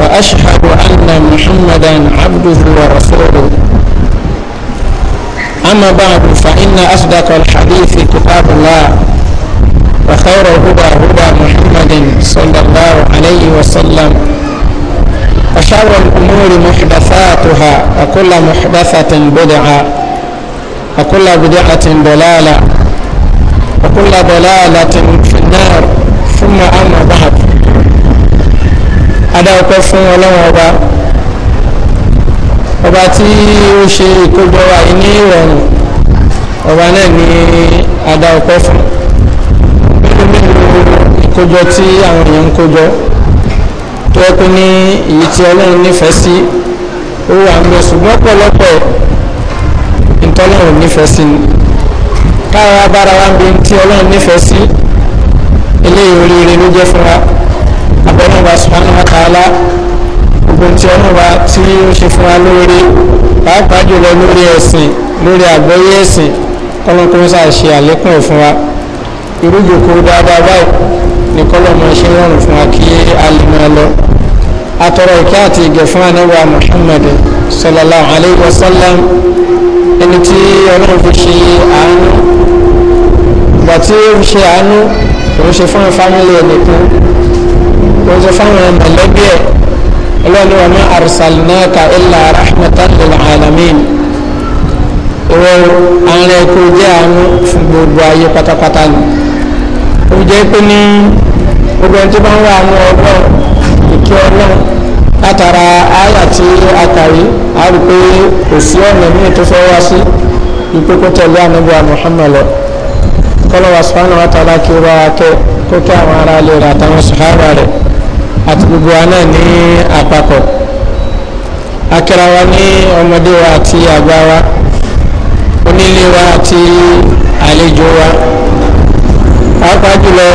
وأشهد أن محمدا عبده ورسوله أما بعد فإن أصدق الحديث كتاب الله وخير الهدى هدى محمد صلى الله عليه وسلم وشر الأمور محدثاتها وكل محدثة بدعة وكل بدعة ضلالة وكل ضلالة في النار ثم أما بعد adáwọ̀pẹ́ fún ọlọ́run ọba ọba tí ó ṣe ìkójọ wa ní ìrọ̀rùn ọba náà ni adáwọ̀pẹ́ fún ìkójọ tí àwọn èèyàn ń kójọ tó ẹ pé ní èyí tí ọlọ́run nífẹ̀ẹ́ sí ó wà ń bẹ ṣùgbọ́n ọ̀pọ̀lọpọ̀ ìtọ́lọ́run nífẹ̀ẹ́ sí ni káwa bára wa ń bi tí ọlọ́run nífẹ̀ẹ́ sí eléyìí oríire ló jẹ́ fún wa abẹ́rẹ́ wa subhanahu wa ta'ala gbogbo tí ọ̀nà wa tí ó ṣe fún wa lórí pàápàá jùlọ lórí ẹ̀sìn lórí àgbọ́yé ẹ̀sìn kọ́lọ́kọ́ sáà ṣe àlékún ẹ̀ fún wa irújòkó dáadáa báyìí ní kọ́lọ́mọ ṣe rọrùn fún wa kí a lè máa lọ atọrọ ìkẹ́ àti ìgẹ̀ fún anábà Muhammad sallallahu alayhi wa sallam ẹni tí ọlọ́run fi ṣe àánú ìgbà tí ó fi ṣe àánú òun ṣe fún fámílì ẹnìkan wọ́n sọ fáwọn mọ̀lẹ́bí ẹ̀ ọlọ́ni wa ma arsalnaka illa rahmatan lil alamin ìwọ ààrẹ kò jẹ́ àánú fún gbogbo ayé pátápátá ni ó jẹ́ pé ní gbogbo ẹni tó bá ń wà ní ọgbọ́n ìkí ọlọ́run látara àyà tí a kà yìí a rí pé kò sí ọ̀nà míì tó fẹ́ wá sí ìpínkù tẹ̀lé ànábì Muhammad lọ kọ́lọ́wà subhanahu wa kí ó bá wa kẹ́ kó àwọn ará lè àtàwọn sàhábà rẹ̀ àti gbogbo wa náà ní àpapọ̀ akẹ́ra wa ní ọmọdé wa àti àgbà wa onílé wa àti àlejò wa pàápàá jùlọ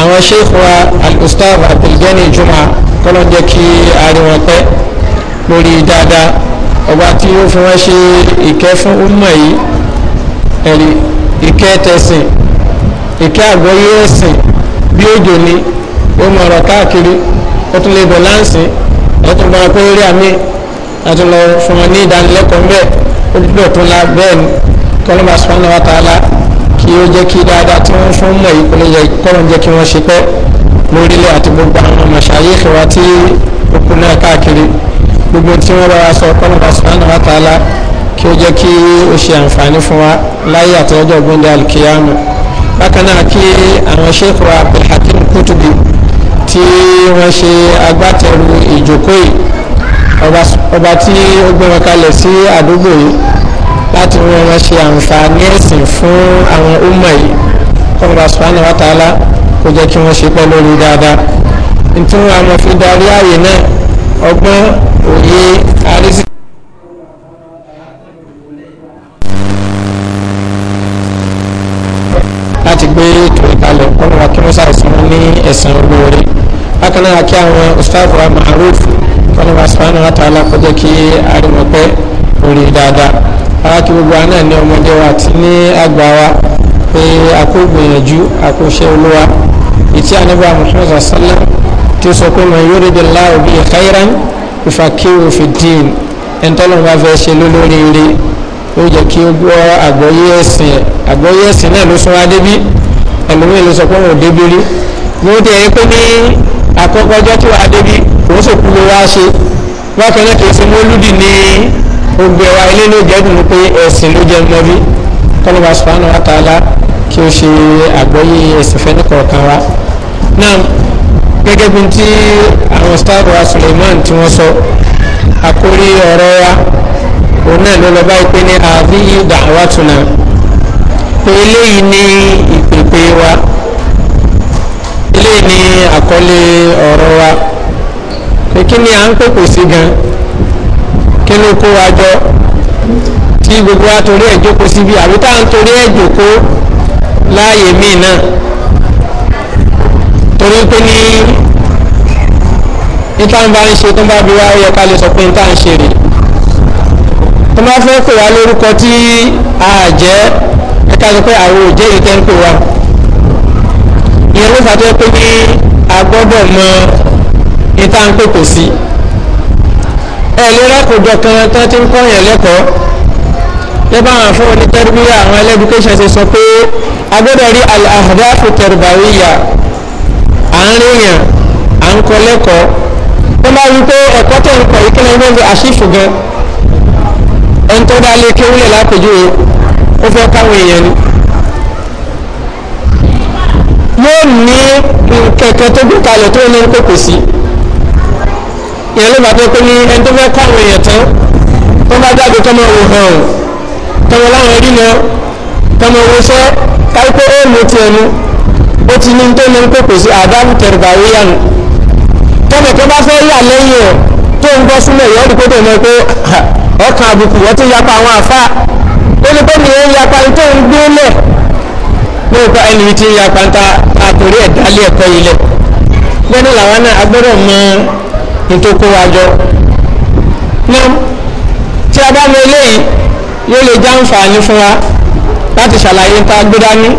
àwọn sheikh wa al-ustaz abdulgani juma kọ́lọ́ jẹ́ kí ariwọn pẹ́ lórí dáadáa ọba tí ó fún wọn ṣe ìkẹ́ fún umma yìí ẹ̀rí ìkẹ́ tẹ̀sìn ìkẹ́ àgbọ́yé ẹ̀sìn bí òjò ni ó mọ ọ̀rọ̀ káàkiri ó tún lè bọ̀ láǹsì ó tún bọ̀ pé eré àmì láti lọ fún wọn ní ìdánilẹ́kọ̀ọ́ mbẹ́ ó dúdú ọ̀tún la bẹ́ẹ̀ ni kọ́lọ́mà subhanahu wa ta'ala kí ó jẹ́ kí dáadáa tí wọ́n fún mọ̀ yìí kò lè yẹ kọ́lọ́n jẹ́ kí wọ́n ṣe pẹ́ lórílẹ̀ àti gbogbo àwọn mashayikh wa tí òkú náà káàkiri gbogbo tí wọ́n bá wa sọ kọ́lọ́mà subhanahu wa ta'ala kí ó jẹ́ kí ó ṣe àǹfààní fún wa láyé àtọ́jọ́ gbẹ́ndé alkiyama bákan náà kí àwọn sheikh abdulhakeem kutubi tí wọ́n ṣe agbátẹrù ìjókòó yìí ọba tí ó gbé wọn kalẹ̀ sí àdúgbò yìí láti wọ́n wọn ṣe àǹfààní ẹ̀sìn fún àwọn ọmọ yìí kọ́ńbà subhanahu wa kó jẹ́ kí wọ́n ṣe pẹ́ lórí dáadáa nítorí àwọn fi darí ààyè náà ọgbọ́n òye àrísí ustaz wa maruf kọlọmọ asùpáànù látàlá kó jẹ́ kí ariwo pẹ́ orí dáadáa ara kí gbogbo àná ní ọmọdé wa ti ní àgbà wa pé àkó gbìyànjú àkó ṣe olúwa ìtí àníbà muhammad sallam tí ó sọ pé man yuridillahu bihi khairan yufaqihu fi ddin ẹ̀ńtọ́lọ́mọ bá fẹ́ ṣe lólóríire ó jẹ́ kí ó gbọ́ àgbọ́yé ẹ̀sìn àgbọ́yé ẹ̀sìn náà ló sún wá débí ẹlòmíì ló sọ pé òun débí rí lóde ẹ̀ pé ní àkọ́kọ́ ọjọ́ tí wàá débi òun sì kú ló wá ṣe bákan náà kìí ṣe mọ́lúdì ní ogbe wa ilé ló jẹ́ dùn pé ẹ̀sìn ló jẹ́ mọ́bí kọ́lọ́ba sùpánù àtàlà kí o ṣe àgbọ́yé ẹ̀sìn fẹ́ nìkọ̀ọ̀kan wa náà gẹ́gẹ́ bí ti àwọn sáàbù Suleiman tí wọ́n sọ àkórí ọ̀rọ̀ wa òun náà ló lọ báyìí pé ní àbí dàwátùnà pé eléyìí ní ìpèpè wa eléyìí ni àkọlé ọ̀rọ̀ wa pé kí ni à ń pèpè sí gan kí ló kó wa jọ tí gbogbo wa torí ẹ̀ jókòó síbi àbí tá à ń torí ẹ̀ jókòó láàyè míì náà torí pé ní níta ń bá ń ṣe tó ń bá bí wá yẹ ká lè sọ pé níta ń ṣe rè tó bá fẹ́ pè wá lórúkọ tí a jẹ́ ẹ̀ka sọ pé àwọn òjẹ́ yìí tẹ́ ń pè wá ìyẹn ló fàájọ pé ní a gbọ́dọ̀ mọ ìta ń pèpè sí ẹ lè rákòjọ kan tán ti ń kọ́ yẹn lẹ́kọ̀ọ́ lẹ́bàá àwọn afọ́ onítẹ́rìbíyà àwọn ẹlẹ́dúkéṣẹ́ ti sọ pé a gbọ́dọ̀ rí al-ahdafu tarbawiyya à ń ríyàn à ń kọ́ lẹ́kọ̀ọ́ wọ́n bá wí pé ẹ̀kọ́ tó ń kọ̀ yìí kí ni àṣìfù gan ẹni tó dá lé kéwúlẹ̀ lápèjúwe ó fẹ́ káwọn èèyàn ni yóò ní kẹ̀kẹ́ tó gbé kalẹ̀ tó ní kókò sí ìyẹn ló bá tó pé ní ẹni tó fẹ́ kọ́ àwọn èèyàn tán tó bá jáde tọmọ wò hàn tọmọ láwọn rí lọ tọmọ wo sẹ káyipẹ́ ó lo tiẹ̀ nu ó ti ní tó ní kókò sí àdáhùn tẹ̀rẹ̀bà wíyà nù tọmọ tó bá fẹ́ yà lẹ́yìn ẹ̀ tó ń bọ́ sílẹ̀ yọ ọ́ dìbò tó pé ọkàn àbùkù wọ́n ti yapa àwọn àfa ó ní pé mi ò yapa tó ń gbé lẹ̀ lóòótọ́ ẹni tí ń ya pátá àtòrí ẹ̀dálé ẹ̀kọ́ ilẹ̀ lẹ́nu làwọn náà agbọ́dọ̀ mọ ìtòkó wa jọ náà tí a bá mọ eléyìí yóò lè já àǹfààní fún wa láti ṣàlàyé ta gbé dání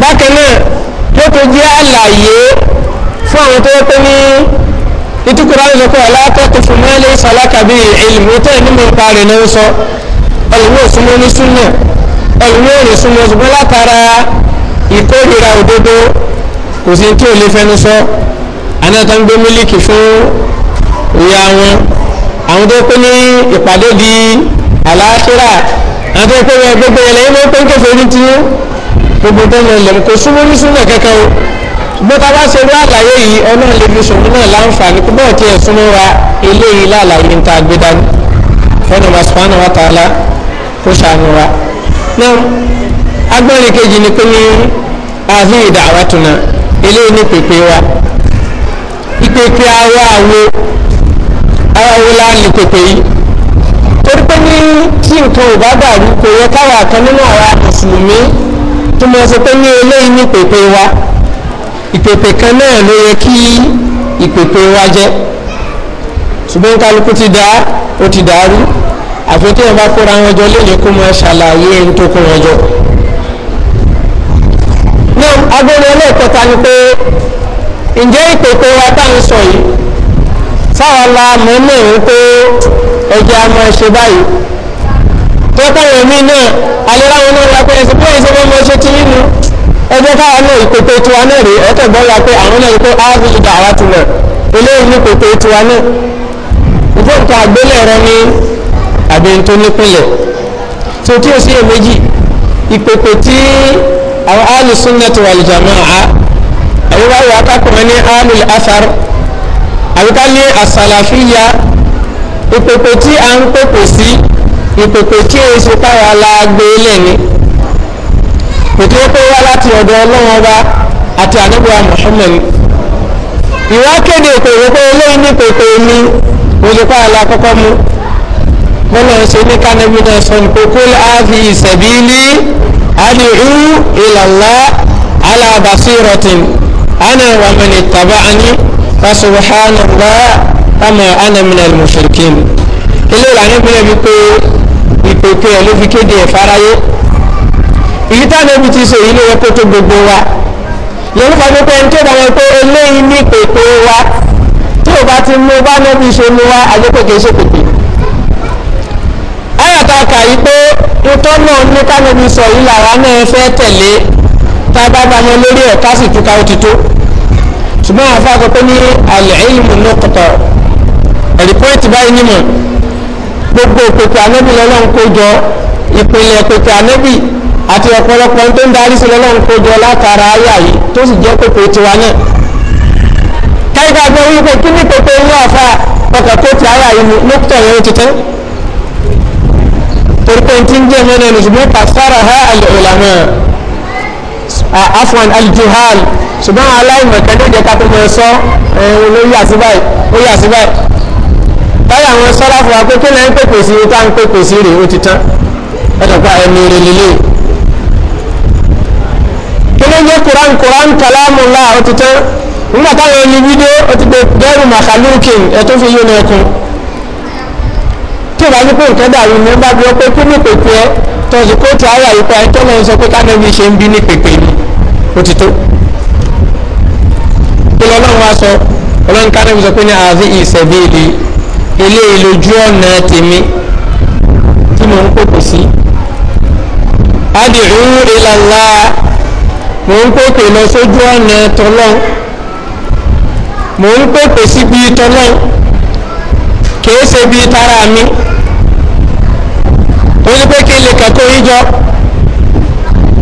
bákan náà yóò tó jẹ́ àlàyé fún àwọn tó yẹ pé ní ìtukùrọ̀ àwọn ìṣòkò aláàtọ̀kù fún mẹ́lẹ̀ ìṣàlákàbí ìlú tó ní mọ̀ nípa rẹ̀ náà sọ ọ̀lùwọ́ òsúnmọ́ ní súnmọ́ ọ̀lùwọ́ òrìṣúnmọ́ ṣùgbọ́n látara ìkórira òdodo kò sí tí ò lè fẹnu sọ anáta ń gbé mílíkì fún ìyá wọn àwọn tó pé ní ìpàdé di àlàáfíà àwọn tó pé wọn gbogbo yẹn lẹ́yìn ló pé ń kéfèé ní tiyín gbogbo tó ń lọ lẹ́mu kò súnmọ́ ní súnmọ́ kankan o bóta bá ṣe rí àlàyé yìí ọlọ́run lè fi ṣòwò náà láǹfààní pé bọ́ọ̀ tí ẹ̀ súnmọ́ wa eléyìí láàlàyé ń ta gbé dání fọ́nà wa subhanahu wa ta'ala kó ṣàánú wa agbẹ́rin kejì ni pé ní àfihàn ìdàwà tuna eléyìí ní pèpè wa ìpèpè àwa àwo àwa wo la lè pèpè yìí torí pé ní tí nǹkan ò bá dàrú kò yẹ káwa kan nínú àwa mùsùlùmí tó mọ sọ pé ní eléyìí ní pèpè wa ìpèpè kan náà ló yẹ kí ìpèpè wa jẹ́ ṣùgbọ́n kálukú ti dá ó ti dàrú àfi tí wọn bá kóra wọn jọ lẹ́yìn kó máa ṣàlàyé ohun tó kó wọn jọ. náà agbóhùn ẹlẹ́ẹ̀kẹta ni pé ǹjẹ́ ìpèpè wa sọ yìí sáwọn la mọ̀ mọ̀ ń pé ẹ̀jẹ̀ a máa ṣe báyìí tó káwọn mí náà aléráwọn náà wá pé ẹsẹ̀ pé ẹsẹ̀ pé mo ṣe ti nínú náà tiwa náà rèé pé àwọn náà eléyìí ní tiwa náà nǹkan àgbélẹ̀ àwọn alu sunnati والجماعة jamaa àbí báwo ká kọ́ ní alu afar àbí ká ní asalafiya ìpèpè tí a ń pèpè sí ìpèpè tí o ṣe káwa la gbé lẹ́ni kòtò pé wá láti ọ̀dọ̀ ọlọ́run ọba àti ànábìwá Muhammad ìwà kéde ìpèwé pé olóyún ní pèpè mi olùkọ́ àlọ́ àkọ́kọ́ mu bọ́lá ń ní kánẹ́bí náà sọ ní kókó áàfin ìṣẹ̀bí ní adìrú ìlàlá alábàṣírọ̀tìn ana wà mẹ́ni tàbá ani fasubuhánàlá kama ana minal mushrikin ilé ìlànà ìpínlẹ̀ wípé ìpèpè ẹ̀ ló fi kéde ẹ̀ fáráyé ìyí táwọn ibi ti ṣe èyí ló yẹ kó tó gbogbo wa yẹn fà pé ẹni tó dáwọn pé eléyìí ní pèpè wa tí ò bá ti mú bá nẹ́bí ṣe mú wa àjẹpẹ̀kẹ́ ṣe pèpè náà ní kánẹ́bí sọ yìí làwa náà fẹ́ tẹ̀lé tá a bá bá wọn lórí ẹ̀ ká sì túká ó ti tó ṣùgbọ́n àwọn afáàkọ́ pé ní alẹ́ ìlú ló kọ̀tọ̀ rìpọ́ìtì báyìí nímọ̀ gbogbo ìpèkè ànábì lọ́lọ́run kó jọ ìpìlẹ̀ ìpèkè ànábì àti ọ̀pọ̀lọpọ̀ tó ń darí sí lọ́lọ́run kó jọ látara ayà yìí tó sì jẹ́ pèpè tiwa náà káyíká gbọ́ wípé kí ní pèpè inú àfa ọkọ̀ tó ti ayà yìí ní lókùtọ̀ torí pé tí ń jẹ́ mẹ́rin ẹni ṣùgbọ́n pàṣára ha al-ulama afwan al-juhal ṣùgbọ́n aláìmọ̀kan ní ìjẹ́ka tó mọ̀ sọ ẹ̀hún ló yà sí báyìí ó yà sí báyìí báyìí àwọn sọ́lá fún wa pé kí lẹ́yìn pèpè sí ta ń pèpè sí rè ó ti tán ẹ̀dọ̀gba ẹ̀mí rè lélẹ̀ kí ló ń jẹ́ kuran kuran kalamullah ó ti tán nígbà táwọn ẹni fídíò ó ti gbé dẹ́rù màkàlùkìn ẹ̀ tó fi yún ẹkùn bá ní pé nǹkan dàrú ni wọ́n bá bí wọ́n pé kí ní pèpè ẹ́ tọ́sí kóòtù ara yìí pa ẹni tó lọ́n sọ pé kánẹ́bí ṣe ń bí ní pèpè ni ó ti tó. kí lọ́lọ́run wá sọ ọlọ́run kánẹ́bí sọ pé ní àfi ìṣẹ̀bíìlì ilé ìlójú ọ̀nà tèmi tí mò ń kókò sí. adìrú ìlàlá mò ń kókò lọ sójú ọ̀nà tọ́lọ́ mò ń kókò síbi tọ́lọ́ kìí ṣe bíi tara mi tó ní pé kí n lè kẹ́kọ̀ọ́ yín jọ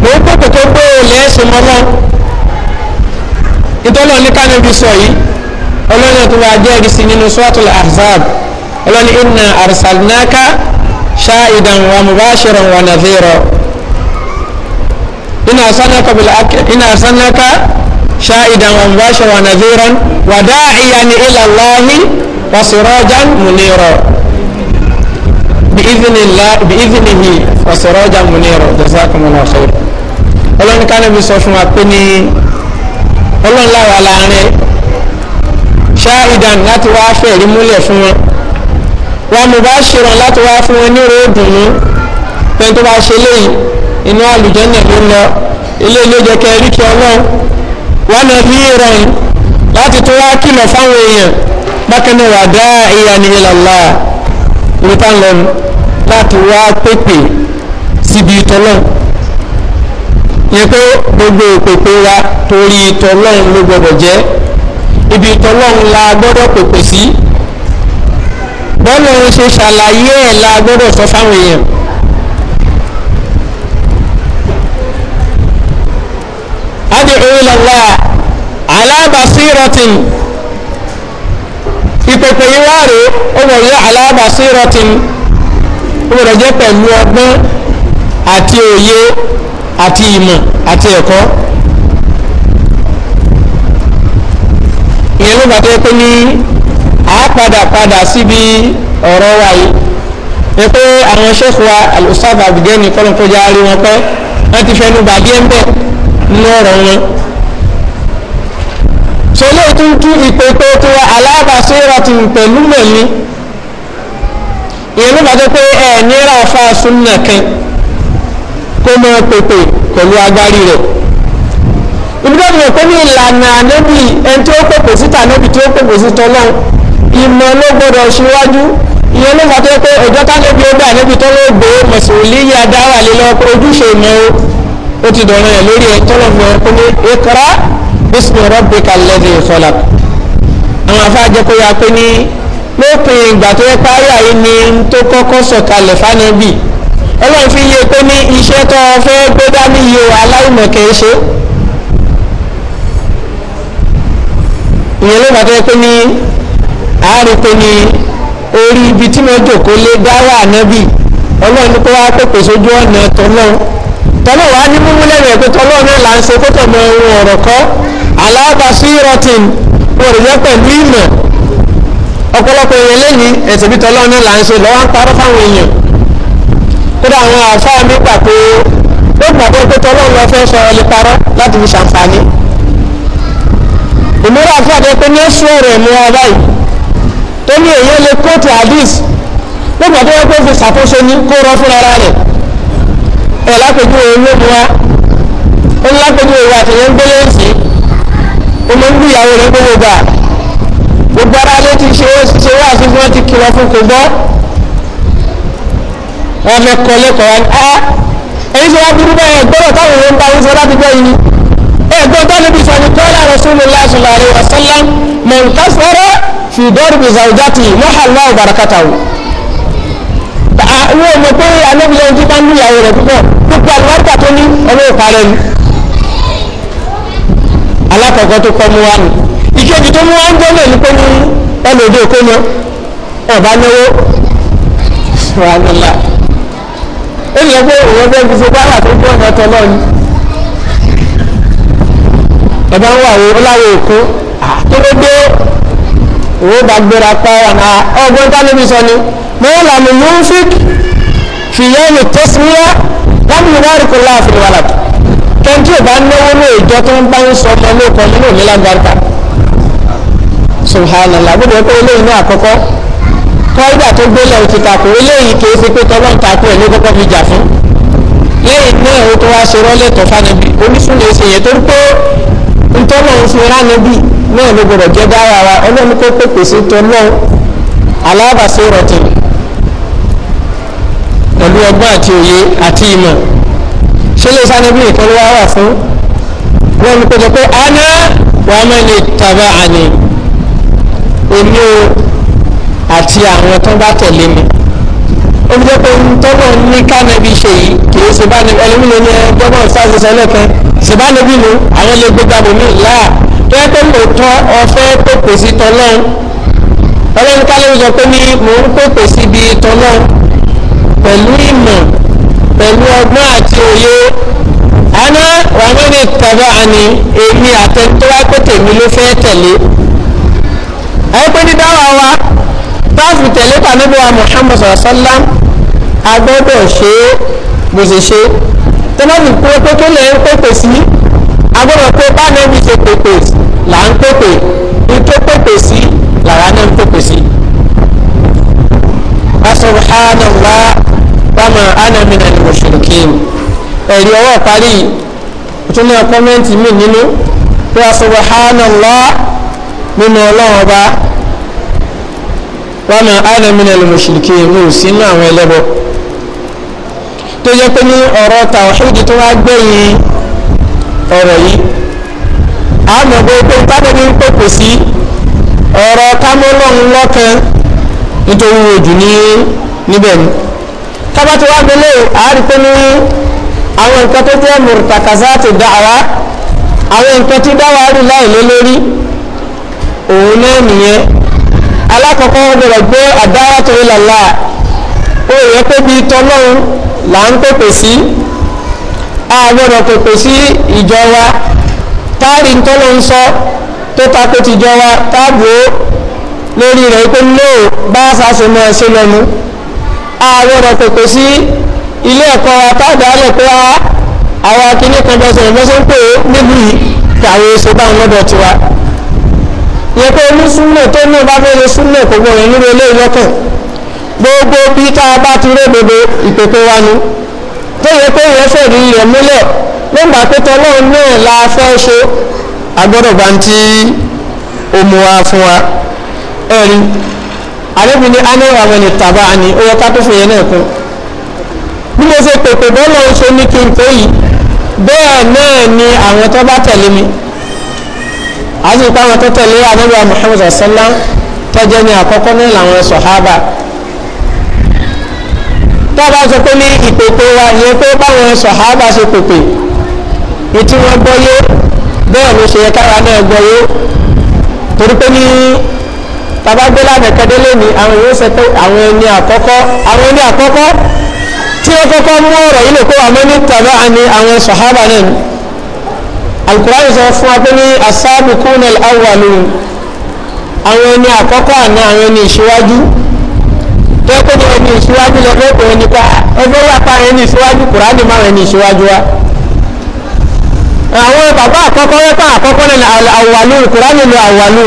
mo ń pèpè tó gbé olè ẹ̀sìn mọ́ náà ìtọ́lọ̀ ní kánẹ́bí sọ yìí ọlọ́ni tó wàá jẹ́ ẹ̀rí sí nínú suratul ahzab ọlọ́ni inna arsalnaka shahidan wa mubashiran wa nadhira inna arsalnaka bil inna arsalnaka shahidan wa mubashiran wa nadhira wa da'iyan وسراجا منيرا بإذن الله بإذنه وسراجا منيرا جزاكم الله خيرا ọlọ́run ká níbi sọ fún wa pé ní ọlọ́run láwa láàrin ṣáìdàn láti wá fẹ̀rí múlẹ̀ fún wọn wọn mo bá ṣèràn láti wá fún wọn nírò ìdùnnú pé tó bá ṣe léyìí inú àlùjẹ́nà ló lọ ilé ilé jẹ́ kẹrí kí ọlọ́run wọn náà fi ìrọ̀rùn láti tó wá kìlọ̀ fáwọn èèyàn bákan náà da'iyan ila Allah lóta lọ láti wá pépè síbi ìtọ́lọ́ yẹ pé gbogbo ìpèpè wa torí ìtọ́lọ́ ló gbọdọ̀ jẹ́ ibi ìtọ́lọ́ la gbọ́dọ̀ pèpè sí bọ́ọ̀lù ṣe ṣàlàyé ẹ̀ la gbọ́dọ̀ sọ fáwọn èèyàn. ad'u ila Allah ala ìpèpè yìí wá rèé ó wọ̀ yẹ alábàásí rọtin ó wọ̀ jẹ́ pẹ̀lú ọgbọ́n àti òye àti ìmọ̀ àti ẹ̀kọ́ ìyẹn ló bá tó yẹ pé ní àápadà padà síbi ọ̀rọ̀ wa yìí ẹ àwọn ṣẹ́fù wa alùsáàbà àbùgẹ́ni kọ́lọ́kọ́jà rí wọn pẹ́ wọ́n ti fẹnu bàbí ẹ̀ ń bẹ̀ nínú ọ̀rọ̀ wọn so ilé tuntun ìpè tó tó alábàṣírà ti pẹ̀lú mẹ̀mí ìyẹn ló bá jẹ́ pé ẹ̀ nira ọ̀fà súnà kan kó mọ pèpè pẹ̀lú agbárí rẹ̀ ìbúdó mi ò pé ní ìlànà ànábì ẹni tí ó pèpè síta ànábì tí ó pèpè síta ọlọ́run ìmọ̀ ló gbọdọ̀ síwájú ìyẹn ló fà tó pé ọjọ́ tánábì ó gbà ànábì tó ló gbé mọ̀sùlùmí yá dáwà lé lọ ojúṣe ìmọ̀ ó ti dọ̀rọ̀ bísí rọ́bì kàlẹ́dì ìfọlá àwọn afáàjẹ kó yà pé ní lópin ìgbà tó yẹ páyà yìí ni tó kọ́kọ́ sọ̀kalẹ̀ fánẹ́bì ọlọ́run fi yé pé ní iṣẹ́ tó fẹ́ gbé dání yìí o aláìmọ̀kẹ́ ṣe ìyẹn ló bàtọ́ yẹ pé ní àárín pé ní orí ibi tí mo jòkó lé dáwà ànábì ọlọ́run kó wá pèpè sójú ọ̀nà tọ́lọ́run tọ́lọ́ wa ní mímú lẹ́yìn ẹ̀pẹ́ tọ́lọ́ náà là ń ṣe kó tọmọ ohun ọ̀rọ̀ kọ́ alábàṣí rọtìn wọn ò jẹ́ pẹ̀lú ìmọ̀ ọ̀pọ̀lọpọ̀ èèyàn lẹ́yìn ẹ̀sẹ̀ bí tọ́lọ́ náà là ń ṣe lọ́wọ́ ń parọ́ fáwọn èèyàn kódà àwọn àfáà mi gbà pé ó gbà pé pé tọ́lọ́ lọ fẹ́ sọ ọ lè parọ́ láti fi ṣàǹfààní ìmúra àfáà pé ní ó sún ọ̀rọ̀ ẹ̀mú ọba tó ní èèyàn lè kóòtù àdìs gbogbo àti wọn pé fi ṣàkóso ní kó rọ fúnra rẹ̀ ẹ̀ lápẹjú olóògùn wa ó ní lápẹjú òwò àtẹ̀yẹ́ ń gbélé èsì ó mọ ń gbé ìyàwó rẹ̀ gbogbo gbà gbogbo ara ló ti ṣe ṣe wá sí fún wọn ti kìlọ̀ fún kò gbọ́ wọn fẹ́ kọ́ lẹ́kọ̀ọ́ wọn á èyí ṣe wá burú bẹ́ẹ̀ gbọ́dọ̀ táwọn èèyàn ń bá wọn sọ láti gbọ́ yìí ẹ̀gbọ́n tọ́lẹ̀ bí sọ̀rọ̀ tọ́lá rasulullah sallallahu alaihi wasallam mọ̀nkásọ̀rọ̀ fi dọ́rùbì zaujati mọ́hàlá ọ̀bàràkátàwò. àwọn ọmọ pé anábìyàn ti bá ń lùyàwó rẹ̀ púpọ̀ gbogbo àlùbáríkà tó ní ọlọ́wọ́ parẹ́ ni alákọ̀ọ́kọ́ tó kọ́ mú wa nù ìkejì tó mú wa ń gbọ́ náà ní pé ní ọlọ́dẹ kó ná ọba náwó sùwàlùlà ó yẹ pé òun ọgbẹ́ fi ṣe bára tó gbọ́ ọ̀nà tọ́lọ́ ni ọba ń wà wo ọláwọ̀ òkú àtọ́lọ́dẹ òun bá gbéra pa ọgbọ́n tálẹ́bí sọ ni mọ́wọ́lá mi mú fíkì fìyẹ́ mi láàmú ìwárìkú láàfin wàlà kẹntì ò bá náwó ní ìjọ tó ń bá ń sọ ọmọ lóko nínú mi lágbàrúkà subhanallah gbogbo ẹgbẹ́ eléyìí ní àkọ́kọ́ tọ́gbà tó gbélé o ti takò eléyìí kì í ṣe pé tọ́lọ́ ń takò ẹ̀ ló kọ́kọ́ fi jà fún lẹ́yìn náà ó tó wá ṣe rọ́lẹ̀ tó fánibí onífúnni ẹsẹ̀ yẹn tó ń pé ntọ́lọ́ ń fi ránibí náà ló gbọdọ̀ jẹ́ dára wa ọlọ́run kó pèpè tọ́lọ́ alábàṣe rọ̀tìnì pẹ̀lú ọgbọ́n àti òye àti ìmọ̀ ṣé lè sáré bí ìtọ́lú wa wà fún wọn ni kótó pé aná wàá mẹ́lẹ̀ tàbá àní èmi o àti àwọn tó bá tẹ̀lé mi ó fi jẹ́ pé tọ́lọ̀ ní kánẹ́bí ṣe yìí kì í ṣe bá ní ẹlẹ́mìlẹ́ ní ẹgbẹ́gbọ́n sáṣẹṣẹ lẹ́kẹ́ ṣe bá níbí nu àwọn ilé gbégbá mi láà tó yẹ pé mo tọ́ ọfẹ́ pèpè sí tọ́lọ́run ọlọ́run kálẹ̀ ń sọ pé mi mò ń pèpè síbi tọ́lọ́run pẹ̀lú ìmọ̀ pẹ̀lú ọgbọ́n àti òye aná wàmínì tàbá àní èmi àtẹ̀tọ́wá pé tèmi ló fẹ́ tẹ̀lé ẹgbẹ́ dídáwà wa táàfù tẹ̀lé pàmíbí wa muhammad sọ̀rọ̀sọ́lá agbọ́dọ̀ ṣe é bó ṣe ṣe tó bá ti pé pé kí lè ń pèpè sí agbọ́dọ̀ pé bá nẹ́bí ṣe pèpè là ń pèpè ní tó pèpè sí làrá náà ń pèpè sí asubhanallah wa ma ana minal mushrikin ẹ̀rí ọwọ́ parí òtún náà kọ́mẹ́ǹtì mi nínú pé asubhanallah nínú ọlọ́run ọba wa ma ana minal mushrikin mi ò sí inú àwọn ẹlẹ́bọ tó yẹ pé ní ọ̀rọ̀ tàwọ̀ṣídìí tó wá gbẹ̀yìn ọ̀rọ̀ yìí àmọ́ gbogbo tábìlì ń pèpè sí ọ̀rọ̀ kámọ́lọ́hún nítorí ojú ní níbẹ̀ ni tábà tí wàá gbélé àárí pé ní àwọn nǹkan tó jẹ́ mùrùtàkàsá ti da'wa àwọn nǹkan tí dáwà rí láìlé lórí òun náà nìyẹn alákọ̀ọ́kọ́ gbọ́dọ̀ gbé àdáwà tó ila Allah ó yẹ pé bíi tọ́lọ́run là ń pèpè sí a gbọ́dọ̀ pèpè sí ìjọ wa táàrí tọ́lọ́run sọ tó takò tìjọ wa táàbò ó lórí rẹ̀ pé lóò bá fàṣẹ mọ́ ẹ ṣe lẹ́nu ààrẹ rẹ̀ pèpè sí ilé ẹ̀kọ́ àtàdálẹ̀ pé àwọn akíní kan bẹ́sẹ̀ ìbẹ́sẹ̀ ń pè é níbi kàwé ṣe bá wọn lọ́dọ̀ tiwa yẹ pé ní súnmọ̀ tó náà bá fẹ́ ṣe súnmọ̀ kò gbọ́n nínú ilé ìlọ́kàn gbogbo bí tá a bá ti rédodo ìpèpè wa ni tó yẹ pé ìyẹn fẹ́ rí ilẹ̀ múlẹ̀ nígbà pé tọ́lọ́run náà la fẹ́ ṣe agbọ́dọ̀ gbantí ó mú wa fún wa ẹ̀rí àlébí ni anáwó àwọn ẹni tàbá ni ó yẹ ká tó fìyẹn náà kún bí mo ṣe pèpè bọ́lá ń ṣe ní kí n tó yìí bẹ́ẹ̀ náà ni àwọn tó bá tẹ̀lé mi àti ìpá àwọn tó tẹ̀lé anáwó Muhammad sallá tọ́jẹ́ ní àkọ́kọ́ náà làwọn sọ̀hábà tó bá sọ pé ní ìpèpè wa ìyẹn pé báwọn sọ̀hábà ṣe pèpè ìtí wọn gbọ́yé bẹ́ẹ̀ ló ṣe yẹ káwa náà gbọ́yé torí pé ní tàbá gbé lánàá kẹdélé ni àwọn èèyàn sọ pé àwọn ẹni àkọ́kọ́ àwọn ẹni àkọ́kọ́ tí ó kọ́kọ́ mú ọ̀rọ̀ yìí lè kó àmọ́ ní tàbá àní àwọn sàhábà náà ni alukuraani sọ fún wa pé ní asábìkúnà awàlú àwọn ẹni àkọ́kọ́ àná àwọn ẹni ìṣíwájú tó kó ní ẹni ìṣíwájú lọ pé òun nípa ẹgbẹ́ wà pa ẹni ìṣíwájú kùránì máa ẹni ìṣíwájú wa àwọn bàbá àkọ́kọ́ wẹ́pà àkọ́kọ́ ní awàlú kùránì lọ awàlú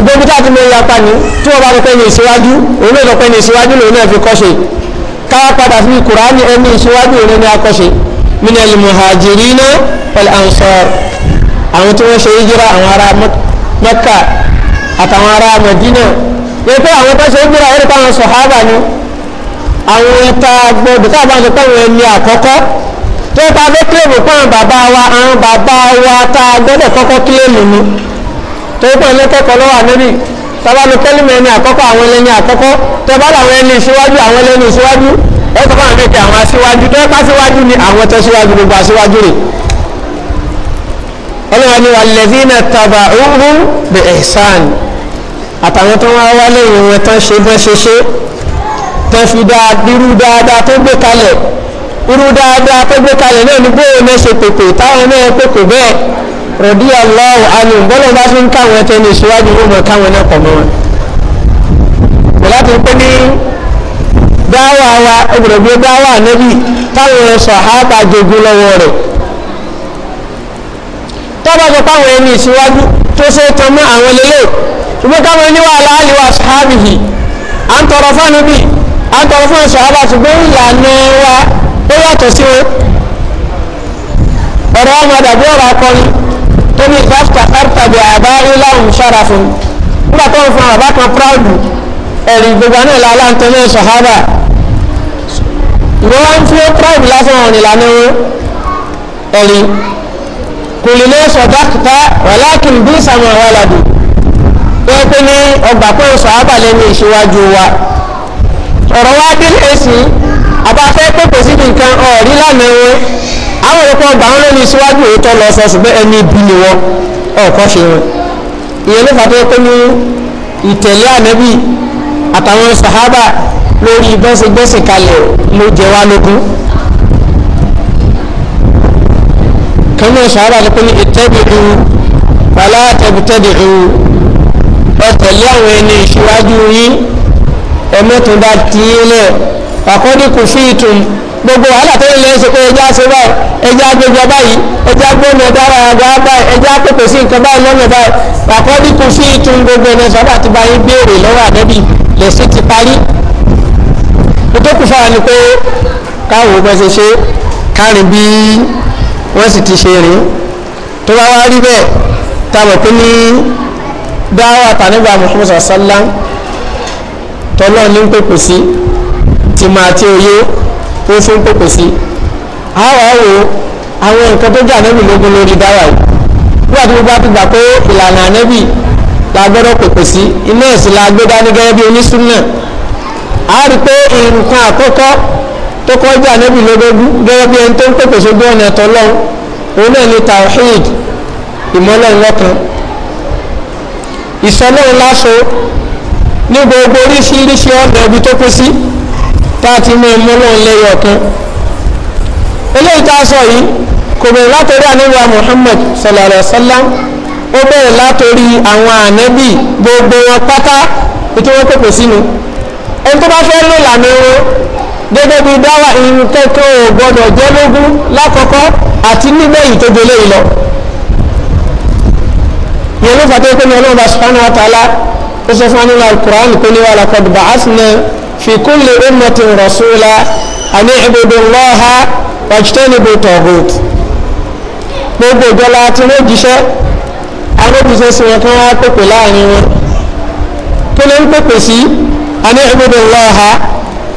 ṣùgbọ́n bí táàtì ló yapa ni tí wọ́n bá rọ pé ní ìṣíwájú òun náà sọ pé ní ìṣíwájú lòun náà fi kọ́ṣe káwá padà sí kùránì ẹni ìṣíwájú òun náà kọ́ṣe minal muhajirina wal ansar àwọn tí wọ́n ṣe hijira àwọn ará mẹ́kà àtàwọn ará mẹ́dínà yẹ pé àwọn tó ṣe hijira ẹ̀rí pàwọn sọ̀hábà ni àwọn ìta gbọdọ̀ táàbà ń sọ pé àwọn ẹni àkọ́kọ́ tó ta bẹ́ kílèmù pọ́n bàbá wa àwọn bàbá wa ta gbọ́dọ̀ kọ́kọ́ kílèmù ni torí pé ẹlẹ́kẹ́kọ̀ọ́ lọ́wọ́ ànábì tọ́ba lu kẹ́límù ẹni àkọ́kọ́ àwọn ẹlẹ́ni àkọ́kọ́ tọ́ba làwọn ẹni síwájú àwọn ẹlẹ́ni síwájú ẹ tọ́ fáwọn mẹ́kẹ́ àwọn aṣíwájú tó ká síwájú ni àwọn tó síwájú gbogbo aṣíwájú rẹ̀ ọlọ́wọ́ni wà lẹ́dínà tàbà ọ̀hún bẹ̀ ẹ̀sán àtàwọn tó wá wá lẹ́yìn wọn tán ṣe bẹ́ẹ̀ ṣe ṣe tán fi dáadáa irú dáadáa tó gbé kalẹ̀ náà ní bóyá ẹ ṣe pèpè táwọn náà pèpè bẹ́ẹ̀ rọ̀bí aláwọ̀ àni ìgbọ́lọ̀ bá tún káwọn ẹtẹ́ ní ìṣíwájú ó mọ̀ káwọn náà pọ̀ mọ́ wọn. kò láti pé ní dáwà wa ògbòdògbé dáwà ànábì táwọn sàhábà jogún lọ́wọ́ rẹ̀ tọ́ba sọ káwọn ẹni ìṣíwájú tó ṣe tán mọ́ àwọn lélẹ̀ ṣùgbọ́n káwọn ẹni wà láàlì wa sàhábìhì à ń tọrọ fún ànábì à ń tọrọ fún sàhábà ṣùgbọ́n ìlànà wa ó yàtọ̀ sí wọn ọ̀rọ̀ ọmọ dàbí ọ̀rọ̀ akọni tó ní ìfàṣà kártàbí àbá ìlàrùn sárafin nígbà tó ń fún àbá kan púráùdù ẹ̀rì gbogbo náà lálá ń tẹ́lẹ̀ sàhábà ìwọ́n wá ń fi púráùdù lásán wọn ni lánàá ẹ̀rì kò lè lé sọ̀dákìtà wàlákìn bí sàmà wàlàdù tó pé ní ọgbà pé ń sàhábà lẹ́nu ìṣíwájú wa ọ̀rọ̀ wa dé lẹ́sìn àbáfẹ́ pépè síbi nǹkan ọ̀rí lánàá àwọn òpó ọgbà wọn lónìí síwájú òótọ́ lọ sọ ṣùgbọ́n ẹni ibi ni wọn ọ̀kọ́ ṣe wọn ìyẹn ló fàtẹ́ pé ní ìtẹ̀lé ànẹ́bí àtàwọn sàhábà lórí bẹ́sẹ̀gbẹ́sẹ̀ kalẹ̀ ló jẹ wá lógún kẹ́mọ́ sàhábà ló pé ní ìtẹ́bìrú bàlá tẹ̀bìtẹ́bìrú ọ̀tẹ̀lé àwọn ẹni ìṣíwájú yín ẹ̀mẹ́tún bá ti yín lẹ̀ àkọ́dí kò fi ìtùn gbogbo wàhálà tó ń lé ṣe pé ẹja ṣe báyìí ẹja gbogbo báyìí ẹja gbóná dára àgbà báyìí ẹja pèpè sí nǹkan báyìí lọ́nà báyìí àkọ́bí kò sí ìtún gbogbo ẹni sọ́dọ̀ àti báyìí béèrè lọ́wọ́ àdẹ́bí lẹ́sìn ti parí. ìtòkù fáwa ni pé káwọn ò bá ṣe ṣe kárìn bí wọ́n sì ti ṣe rìn tó bá wá rí bẹ́ẹ̀ táwọn pé ní dáwọ́ àtànígbà Muhammad sallam tọ́lọ́ ó sì ń pèpè sí àwọn àwò àwọn nǹkan tó jẹ́ ànábì lógún lórí dáwà yìí nígbà tí mo bá ti gbà pé ìlànà ànábì la gbọ́dọ̀ pèpè sí iná ẹ̀sìn la gbé dání gẹ́gẹ́ bí onísùnnà á rí pé nǹkan àkọ́kọ́ tó kọ́ jẹ́ ànábì lógún gẹ́gẹ́ bí ẹni tó ń pèpè sójú ọ̀nà ẹ̀tọ́ lọ́wọ́ òun náà ni tawhid ìmọ́lẹ̀ ńlọ́kan ìsọlọ́run láṣọ ní gbogbo oríṣiríṣi ọ̀nà ibi tó kú sí tá a ti mú ẹmú lóun lẹ́yìn ọ̀kan eléyìí tá a sọ yìí kò bẹ̀rẹ̀ látọ̀rí àníwá muhammad sallallahu alayhi wa sallam ó bẹ̀rẹ̀ látọ̀rí àwọn ànábì gbogbo wọn pátá ètò wọn pèpè sínú ẹni tó bá fẹ́ lò lànà wọn gẹ́gẹ́ bí dáwà ìrìnkẹ́kẹ́ ò gbọ́dọ̀ jẹ́ lógún lákọ̀ọ́kọ́ àti nígbẹ̀yìn tó gbélé yìí lọ yẹn ló fàtẹ́ pé ní ọlọ́run bá subhanahu wa ó sọ fún wa nínú alukur'an في كل أمة رسولا أن اعبدوا الله واجتنبوا الطاغوت gbogbo ìjọ la ti lójíṣẹ́ alójíṣẹ́ sí wọn kí wọ́n á pèpè láàrin wọn kí ló ń pèpè sí àní ìbúdó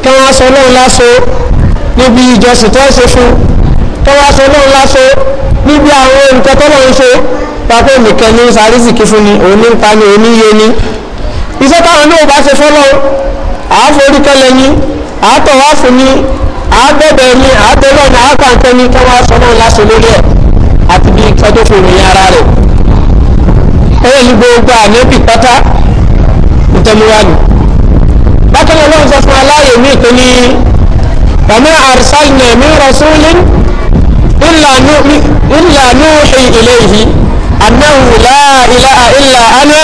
kí wọ́n á sọ lóun láṣọ níbi ìjọsìn tó ń ṣe fún kí sọ lóun láṣọ níbi àwọn nǹkan tó ṣe pàpé nìkan ní sàrísìkí fún ni òun ní ni òun ní àáforíkẹ́lẹ̀ ní àátọ̀wáfù ní àábẹ̀bẹ̀ ní àábẹ̀lẹ̀ ní àákàǹkẹ́ ní kẹwàá sọmọ lásọ lórí ẹ̀ àti bí ìtọ́jọ́fò ìròyìn ara rẹ̀ ẹ̀yẹ́ ní gbogbo àníébì pátá ìtẹ̀múwánu bákan náà lọ́wọ́ sọ fún aláyè mí pé ní bàmí àrùsáìnà mi rọ̀súlín ńlá núhì ilé yìí anáhùn láà ilá àìlà aná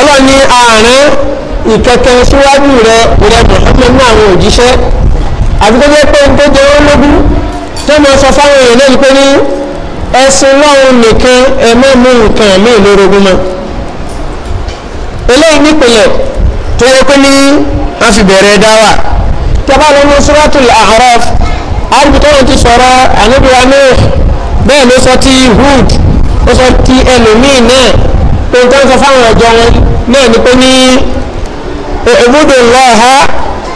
ọlọ́ni àárín ìkẹkẹ síwájú rẹ rẹ Muhammad ní àwọn òjíṣẹ́ àti tó jẹ́ pé n tó jẹ wọn lógún tó mọ sọ fáwọn èèyàn lẹ́yìn pé ní ẹ̀sìn lọ́run nìkan ẹ má mú nǹkan ẹ̀mí ìlórogún mọ́ eléyìí nípìnlẹ̀ tó yẹ pé ní a fi bẹ̀rẹ̀ dáwà tẹ́bá lọ́nà suratul A'raf arúgbìtọ́run ti sọ̀rọ̀ àníbíwá náà bẹ́ẹ̀ ló sọ ti Hud ó sọ ti ẹlòmíì náà pé n tó ń sọ fáwọn ọ̀jọ́ wọn náà ni pé ní ìbúdó lọ́ha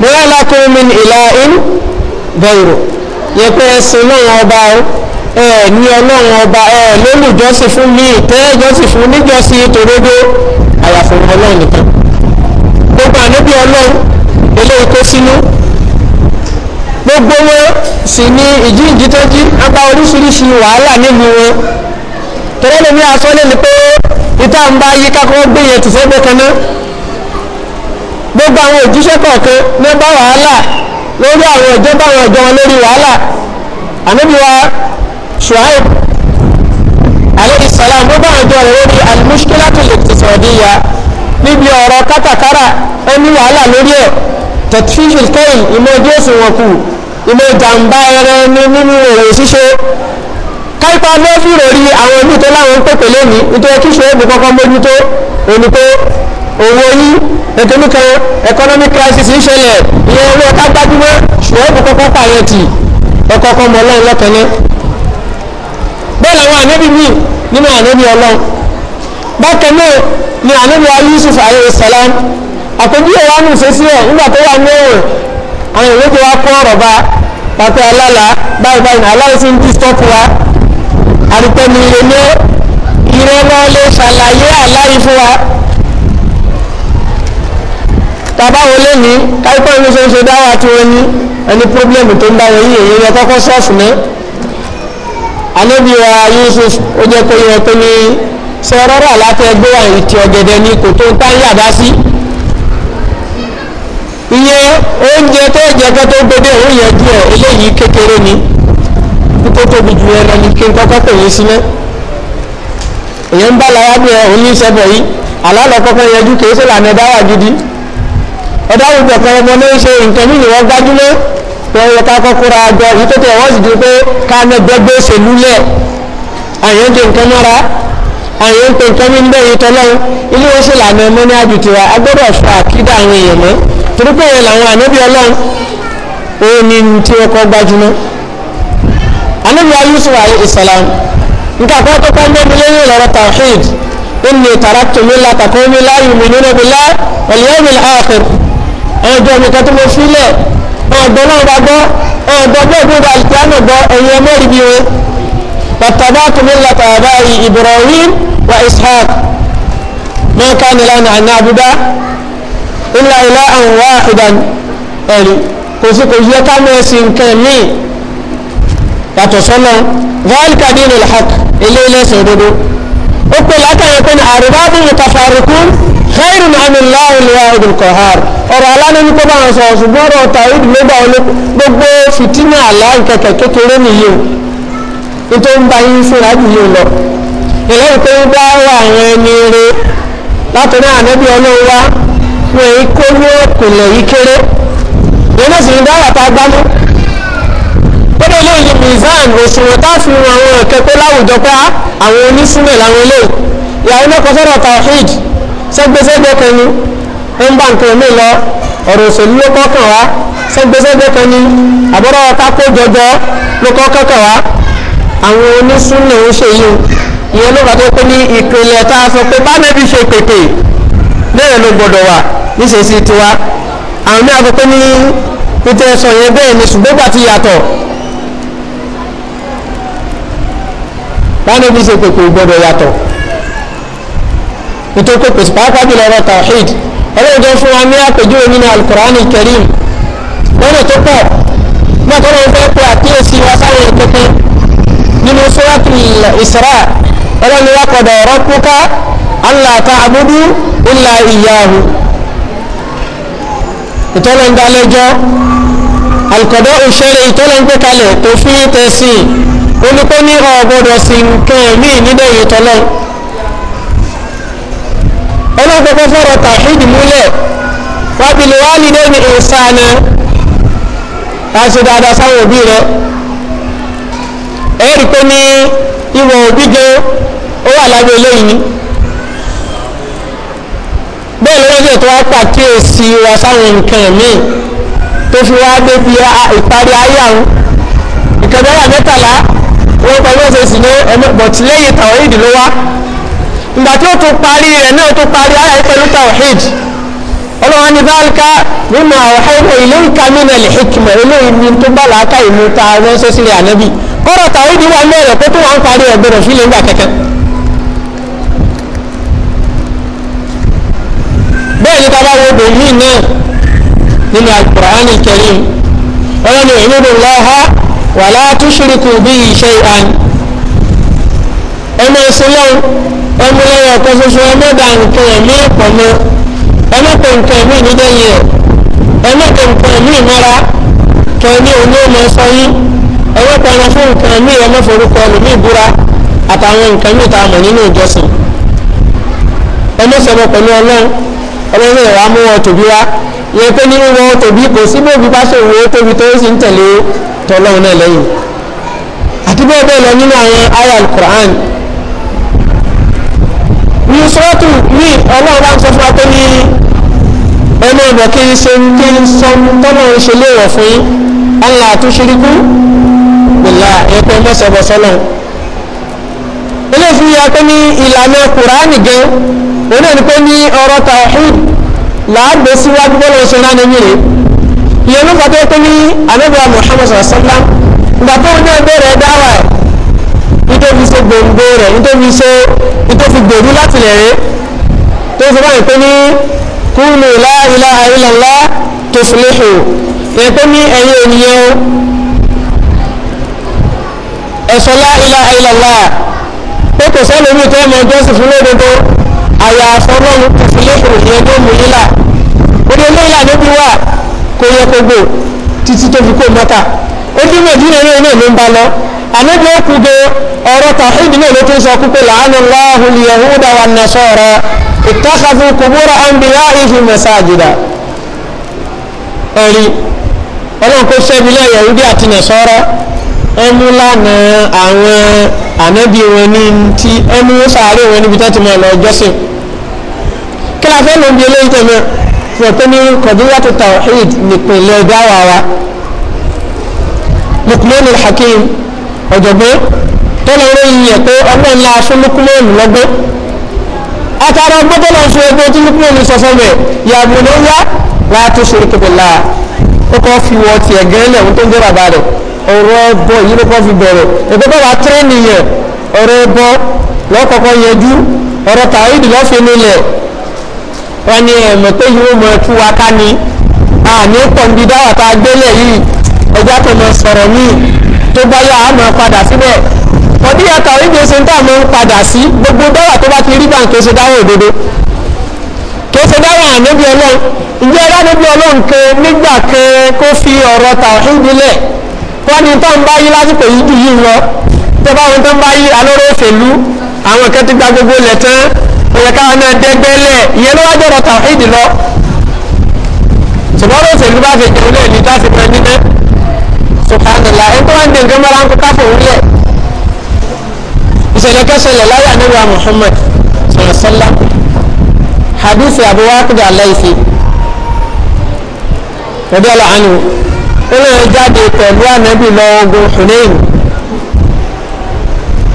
bóyá lákùnrin ìlà in bẹ̀rù yẹ pé ẹsìn lọ́wọ́ ọba ẹ ní ọlọ́run ọba ẹ lólùjọ́sìn fún mi ìtẹ́jọ́sìn fún níjọ́sìn tòrógó àyàfò ọlọ́run nìkan gbogbo ànábì ọlọ́run eléyìí kó sínú gbogbo wọn sì ní ìjíǹjí tó jí apá oríṣiríṣi wàhálà nílùú wọn tọ́lọ́lẹ́mí asọ́lẹ̀ ni pé ìta ń bá yí kákọ́ gbìyànjú fẹ́ gbẹ́kan náà gbogbo àwọn òjíṣẹ́ kọ̀ọ̀kan ló bá wàhálà lórí àwọn ìjọba àwọn ìjọ wọn lórí wàhálà ànábìwá Shuaib aleyhi salam ló bá àwọn ìjọ rẹ̀ lórí alimushkilatu iqtisadiyya níbi ọ̀rọ̀ kátàkárà ó ní wàhálà lórí ẹ̀ tẹ̀tífíṣìl kẹ́yìn ìmọ̀ ojú òsùn wọn kù ìmọ̀ ìjàmbá ẹran ní nínú ọ̀rọ̀ ṣíṣe káípa lọ́fìrò rí àwọn ibi tó láwọn ń pèpè lónìí nítorí kí Shuaib kọ́kọ́ mójútó òní pé owó yín nítorí kan economic crisis ń ṣẹlẹ̀ ìyẹn owó ọ̀tá gbajúmọ̀ ṣùgbọ́n kò kọ́kọ́ pààyàn tì ọkọ̀ ọkọ̀ mọ̀ ọlọ́run lọ́kàn náà bẹ́ẹ̀ làwọn ànábì míì nínú ànábì ọlọ́run bákan náà ni ànábì wa Yusuf alayhi salam àpèjúwe wa nù fèsì ẹ̀ nígbà tó wà ní ẹ̀wọ̀n àwọn ìwéjọ wa kó ọ̀rọ̀ bá pàtó alála báyìí báyìí náà aláìsí sí ń disturb wa àdìpẹ́ ni ilé ní ìrẹ́lọ́lẹ̀ ṣàlàyé aláì fún wa tàbáwo lé ní káyipẹ́ ìlú ṣe ń ṣe dáwà tí wọ́n ní ẹni pírọ́blẹ́mù tó ń bá wọn yìí èyí kọ́kọ́ sọ́ọ̀fù náà anabiwa Yusuf ó jẹ́ kó yẹ pé ní sọ̀rọ̀rọ̀ alátẹ́gbé wa ìtì ọ̀gẹ̀dẹ̀ ni kò tó ń tá yàdá sí iye oúnjẹ tó jẹ kó tó gbẹdẹ ó yẹ díẹ̀ eléyìí kékeré ni kó tóbi ju ẹ lọ ní kí n kọ́kọ́ pè yín sílẹ̀ èyàn ń bá làwọn àbúrò òun ní sẹ́bẹ̀ yìí àlálọ́ kọ́kọ́ yẹjú kì ọ̀dà gbogbo ọ̀kan ọmọ ló ń ṣe nǹkan míì wọ́n gbájúmọ́ wọ́n yẹ ká kọ́kọ́ra jọ ní tó tẹ̀ wọ́n sì di pé ká ní gbogbo òṣèlú lẹ̀ àyàn jẹ nǹkan mọ́ra àyàn pé nǹkan míì níbẹ̀ yìí tọ́lọ́ ilé wọn sì lànà ẹmọ ní àjùtìwà agbọ́dọ̀ fún àkídà àwọn èèyàn mọ́ torí pé èèyàn làwọn ànábì ọlọ́run òun ni tí wọ́n gbájúmọ́ ànábì Yusuf alayhi nǹkan àkọ́kọ́ tó kọ́ mẹ́bìlẹ́yìn lọ́rọ̀ tawhid inni taraktu ẹ̀jọ̀ nìkan tó mo sílẹ̀ ọ̀dọ́ náà bá gbọ́ ọ̀dọ́ bẹ́ẹ̀ bí ọba ìkíámẹ̀ gbọ́ ẹ̀yin ẹ̀ mẹ́rin bí o bàtàbá tòmí lọ́tà báyìí Ibrahim wa Ishaq ما كان لنا أن نعبد إلا إلها واحدا ẹ̀rí kò sí kò yẹ ká mẹ́sì nǹkan míì yàtọ̀ sọ́nà zalika dinul haqq ilé ilé ẹ̀sìn ó pè látàrí pé àrùbá bí mutafarriqun khairun amillahu alwahidul qahar ọ̀rọ̀ aláni ní kó bá ń sọ ṣùgbọ́n ọ̀rọ̀ tawhid lóbá olú gbogbo fìtínà aláì kẹ̀kẹ́ kékeré nìyí nítorí ń bá yín fúnra jù yìí lọ ìlẹ́yìn pé bá wà àwọn ẹni rẹ látọ̀nà ànábì ọlọ́run wá wọn èyí kó ní òkùnlẹ̀ yìí kéré ìyẹn náà sì ń dáwà tá a gbámú gbọ́dọ̀ ilé ìyẹn mizan òṣùwọ̀n tá a fi wọn àwọn ẹ̀kẹ́ pé láwùjọ pé ah, àwọn onísúnmẹ̀ sẹ́gbẹ́sẹ́gbẹ́ kan ni ń bá nǹkan mi lọ ọ̀rọ̀ òṣèlú ló kọ́kàn wá sẹ́gbẹ́sẹ́gbẹ́ kan ni àbúrò kákó jọjọ ló kọ́kàn wá àwọn onísúnà ń ṣe yìí ìyẹn ló bá tó pé ní ìpìlẹ̀ tá a sọ pé bánẹ́bí ṣe pèpè bẹ́ẹ̀ ló gbọ́dọ̀ wà níṣẹ́sí tiwa àwọn mí àgọ́ pé ní pété sọ yẹn bẹ́ẹ̀ ni ṣùgbọ́n gbà ti yàtọ̀ bánẹ́bí ṣe pèpè gbọ́dọ̀ yàtọ̀ nítorí pé pèsè pàápàá jùlọ ọ̀rọ̀ tawhid ọlọ́run tó fún wa ní àpèjúwe nínú alukur'ani karim lọ́nà tó pọ̀ náà tó lọ́wọ́ fẹ́ pé àkíyèsí wa sáré kankan nínú suratul isra ọlọ́run wa qada rabbuka alla ta'budu illa iyyahu ìtọ́lẹ̀ ń dalẹ́jọ́ alukọ̀dọ́ òṣèré ìtọ́lẹ̀ ń gbé kalẹ̀ tó fi tẹ̀sí olùkọ́ ní ọ̀gbọ́dọ̀ sí nkẹ́ mí nídẹ̀ẹ́yìn tọ́lọ́run ọlọ́gbọ́gbọ́ fọ́rọ̀ tàhíd múlẹ̀ wábìlì wá ní lẹ́nu ìsànà láti dáadáa sáwọn òbí rẹ ẹ̀rí pé ní ìwọ̀ òbí gan ó wà lábẹ́ eléyìí bẹ́ẹ̀ lọ́wọ́ sí ètò apá kí o sì wá sáwọn nǹkan míì tó fi wá débi ìparí ayé àwọn ìkẹ́bẹ́rẹ́ mẹ́tàlá wọ́n pẹ̀lú ọ̀sẹ̀ sí ní ẹ̀mẹ́bọ̀tì lẹ́yìn tàwọn ìdílé ìgbà tí ó tún parí rẹ̀ náà tún parí ayà yìí pẹ̀lú tawhid ọlọ́wọ́n ní báàlùkà mímọ ọ̀hún ilé ń ka nínú ẹ̀lẹ́ hikima eléyìí ni tó bá làákà ìlú ta ránṣẹ́ sílẹ̀ ànábì kọ́rọ̀ tawhid wà mẹ́rẹ̀ pé tó wọ́n parí ẹ̀ gbọ́dọ̀ fílẹ̀ ńgbà kẹ́kẹ́ bẹ́ẹ̀ ni tábà wo bòmí náà nínú al-Qur'an al-Karim ọlọ́ni ìmúdò lọ́ha wala tushriku bihi ẹmu lẹ́yìn ọ̀kan ṣoṣo ẹmọ da nǹkan ẹ̀mí ẹ̀pọ̀ mọ́ ẹmọ kò nǹkan ẹ̀mí nídẹ̀yìn ẹ̀ ẹmọ kò nǹkan ẹ̀mí ìmọ́ra kẹ ní oní ọmọ sọ yín ẹmọ pẹran fún nǹkan ẹ̀mí ẹmọ forúkọ ẹlòmí ìbúra àtàwọn nǹkan ẹ̀mí tá a mọ̀ nínú ìjọsìn ẹmọ sọ pẹ̀lú ọlọ́run ọlọ́run ẹ̀rọ amúwọ̀ tòbí wa yẹ pé nínú wọn tòbí kò sí bóbi bá ṣe wòó tóbi tó sì ń tẹ̀lé tọ́lọ́run náà lẹ́yìn àti bẹ́ẹ̀ bẹ́ẹ̀ lọ nínú àwọn ayé ní sọ́ọ̀tù ní ọlọ́run bá ń sọ fún wa pé ní ẹnu ọ̀dọ̀ kí n ṣe kí n sọ tọ́nà ń ṣe léèwọ̀ fún yín Allah àtúnṣirikú gbìlà ẹ̀kọ́ mọ́sẹ̀bọ̀ sọ́nà eléyìí fi ya pé ní ìlànà kùránì gan òun náà ni pé ní ọ̀rọ̀ tawhid làágbé síwájú bọ́lá oṣù náà nìyí rè ìyẹn ló fà tó pé ní anábìá Muhammad sallam gbàtọ́ ní ọbẹ̀ rẹ̀ dáwà nítorí ṣe gbòǹgbò rẹ̀ nítorí ṣe nítorí gbòǹgbò láti lẹ̀ rẹ̀ tó fi báyìí pé ní kúlù la ilaha illallah tuflihu yẹn pé ní ẹ̀yìn ènìyàn ẹ̀sọ́ la ilaha illallah pé kò sẹ́ni omi tó ẹ̀mọ́ jọ́sìn fún lódodo àyà àfọlọ́run tuflihu yẹn tó mú yílà orí olóyìnlá níbi wà kó yẹ kó gbò títí tó fi kó mọ́ta ó dín mẹ́jì náà náà ló ń ba lọ ànábi ó kudo ọ̀rọ̀ tàwíìdì náà ló tún sọ kúkú làánú láhùn yahuda wà nasara ìtàkàfù kùbúrà àǹbíyá ìhì mẹsàgìdà ẹ̀rí ọlọ́run kó sẹ́bílẹ̀ yahudi àti nasara ẹmú lánàá àwọn ànábi wọn ní ti ẹmú sàárè wọn níbi tó ti mọ̀ lọ jọ́sìn kí la fẹ́ lóun bí eléyìí tẹ̀mẹ́ ọ̀jọ̀gbọ́n tó lọ ròyìn yẹ pé ọgbọ́n ńlá fún lukumanu lọ́gbọ́n àtàrà ọgbọ́n tó lọ fún ọgbọ́n tí lukumanu sọ fún mi yàgò ló yá wà á tó ṣòro tó bẹ̀là ó kọ́ fi wọ́ tiẹ̀ gẹ́lẹ̀ ohun tó ń dẹ́rọ̀ bá rẹ̀ ọ̀rọ̀ ọgbọ́n yìí ló kọ́ fi bẹ̀rẹ̀ ìgbẹ́bẹ́ wa tẹ́rẹ̀nì yẹn ọ̀rọ̀ ọgbọ́n lọ́kọ̀ọ̀kọ̀ yẹjú ọ̀rọ̀ tàwídì lọ́fẹ̀ẹ́ nílẹ̀ wọn ni ẹ̀mọ̀ pé yìí ó mọ̀ ẹ̀tú wa ká ni àní tó bá yá a máa padà síbẹ̀ ọdí yàtọ̀ orígbèsè tá a máa ń padà sí gbogbo dáwà tó bá ti rí bá ń kése dáwà òdodo kése dáwà ànábì ọlọ́run ǹjẹ́ ẹ̀rọ ànábì ọlọ́run kan nígbà kan kó fi ọ̀rọ̀ tàwíìdì lẹ̀ wọ́n ní tó ń bá yí lásìkò yìí jù yìí lọ tó bá wọn tó ń bá yí alóró òfèlú àwọn kan ti gba gbogbo lẹ̀ tán òye káwọn náà dẹ́gbẹ́lẹ̀ ìyẹn ló wá jọ̀rọ̀ tàwíìdì lọ ṣùgbọ́n òfèlú bá fi jẹun lẹ́ẹ̀ni láti pẹ́ níná subhanallah ẹni tó wá ń de nǹkan mọ́ra ń kó káfọ̀ wúlẹ̀ ìṣẹ̀lẹ̀ kẹsẹ̀lẹ̀ láyé anábìá muhammad sọ̀rọ̀sọ́lá hadith abu waqid alayhi radiyallahu anhu ó lè jáde pẹ̀lú anábì lọ ogun hunayn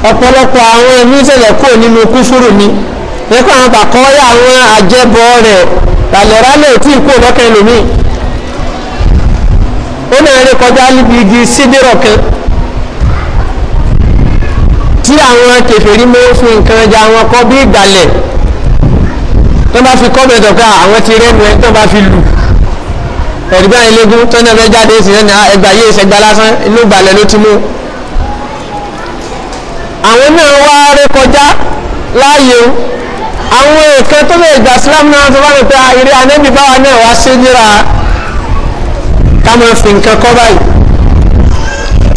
ọ̀pọ̀lọpọ̀ àwọn ẹ̀mí ìṣẹ̀lẹ̀ kúrò nínú kúfúrú ni nípa àwọn bàkọ́ọ́yà àwọn àjẹbọ rẹ̀ làlẹ́rálẹ̀ tí ì kúrò lọ́kẹ́ lómìn ó náà rí kọjá níbi igi sídìrọ̀ kan tí àwọn kèfèrí mọ́ fi nǹkan ẹja wọn kọ́ bí ìgbàlẹ̀ tó bá fi kọ́ mẹ́tọ̀ká àwọn ti rẹ́nu ẹ tó bá fi lù ẹ̀rígbà ilégún tó náà fẹ́ jáde sí ẹgbà yé ìṣẹ́gbà lásán inú ìgbàlẹ̀ ló ti mú àwọn náà wá rí kọjá láàyè àwọn èèkan tó lè gbà sílámù náà tó bá rẹ̀ pé ah, eré anẹ́bí báwa náà wá sí níra ká máa fi nǹkan kọ́ báyìí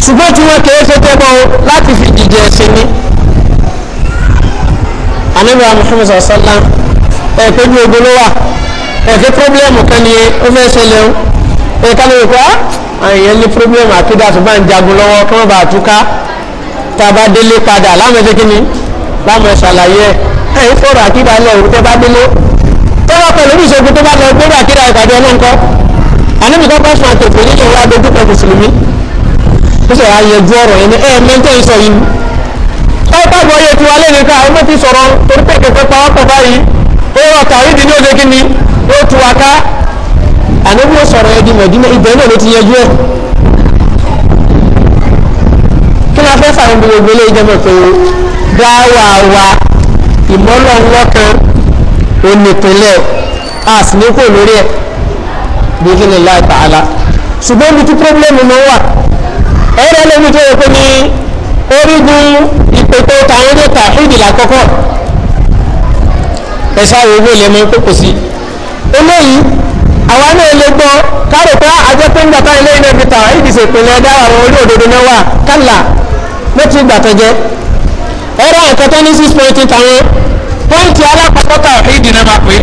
ṣùgbọ́n tí wọ́n kéré ṣe tẹ́bọ̀ láti fi jíjẹ ẹ̀sìn ní. anábìá muhammed sallam ẹ̀ pé bí ogun ló wà ẹ̀ pé pírọ́blẹ́mù kan ni ó fẹ́ ṣẹlẹ̀ o ẹ̀ ká ló kọ́ ah, àwọn èèyàn ní pírọ́blẹ́mù àkídà tó bá ń jagun lọ́wọ́ kí wọ́n bá túká tá a bá délé padà láwọn ẹ̀ṣẹ̀ kínní láwọn ẹ̀ṣẹ̀ àlàyé ẹ̀ ẹ̀ ń fọ̀rọ̀ àkídà lẹ̀ òun tẹ́ bá délé tọ́wọ́ pẹ̀lú ìṣègùn tó bá lọ gbé àkídà ìpàdé ọlọ́nkọ́ ànábì tó bá sùn àtẹ̀fẹ̀ ní ìwà àdójúkọ mùsùlùmí ó sì wá yanjú ọ̀rọ̀ yẹn ní ẹ̀ mẹ́tẹ́ ìsọ yìí táwọn bá gbọ́ yẹ ti wá lẹ́nu ká ọmọ ti sọ̀rọ̀ torí pé kẹ̀kẹ́ pawọ́ pọ̀ báyìí ó rọ̀ tàwídì ní òde kíni ó tu wa ká ànábì ó sọ̀rọ̀ ẹ̀ di mẹ̀dínà ibẹ̀ náà ló ti yanjú ẹ̀ kí ni a fẹ́ fàwọn gbogbo ilé ìjọba pé dáwà wa ìmọ̀lọ́ńlọ́kan ò nìpínlẹ̀ àsìníkò lórí ẹ̀ bíbí ni láì tààlà ṣùgbọ́n ibi tí pírọ́blẹ́mù ló wà ẹ̀rọ lómi tó yẹ pé ní orígun ìpètò tàwọn ní tàhídì lákọ́kọ́ ẹ̀ṣá ìwé ilẹ̀ mọ́ pé kò sí eléyìí àwa náà lè gbọ́ kárò pé àjọ ah, pé ń gbàtà ilé iná fi tàhídì ṣe ìpínlẹ̀ ẹ̀dá àwọn orí òdodo náà wà kálà ló ti gbàtọ̀ jẹ́ ẹ̀rọ àkọ́tọ́ ní six point tàwọn pọ́ǹtì alákọ̀ọ́kọ́ tàhídì náà máa pè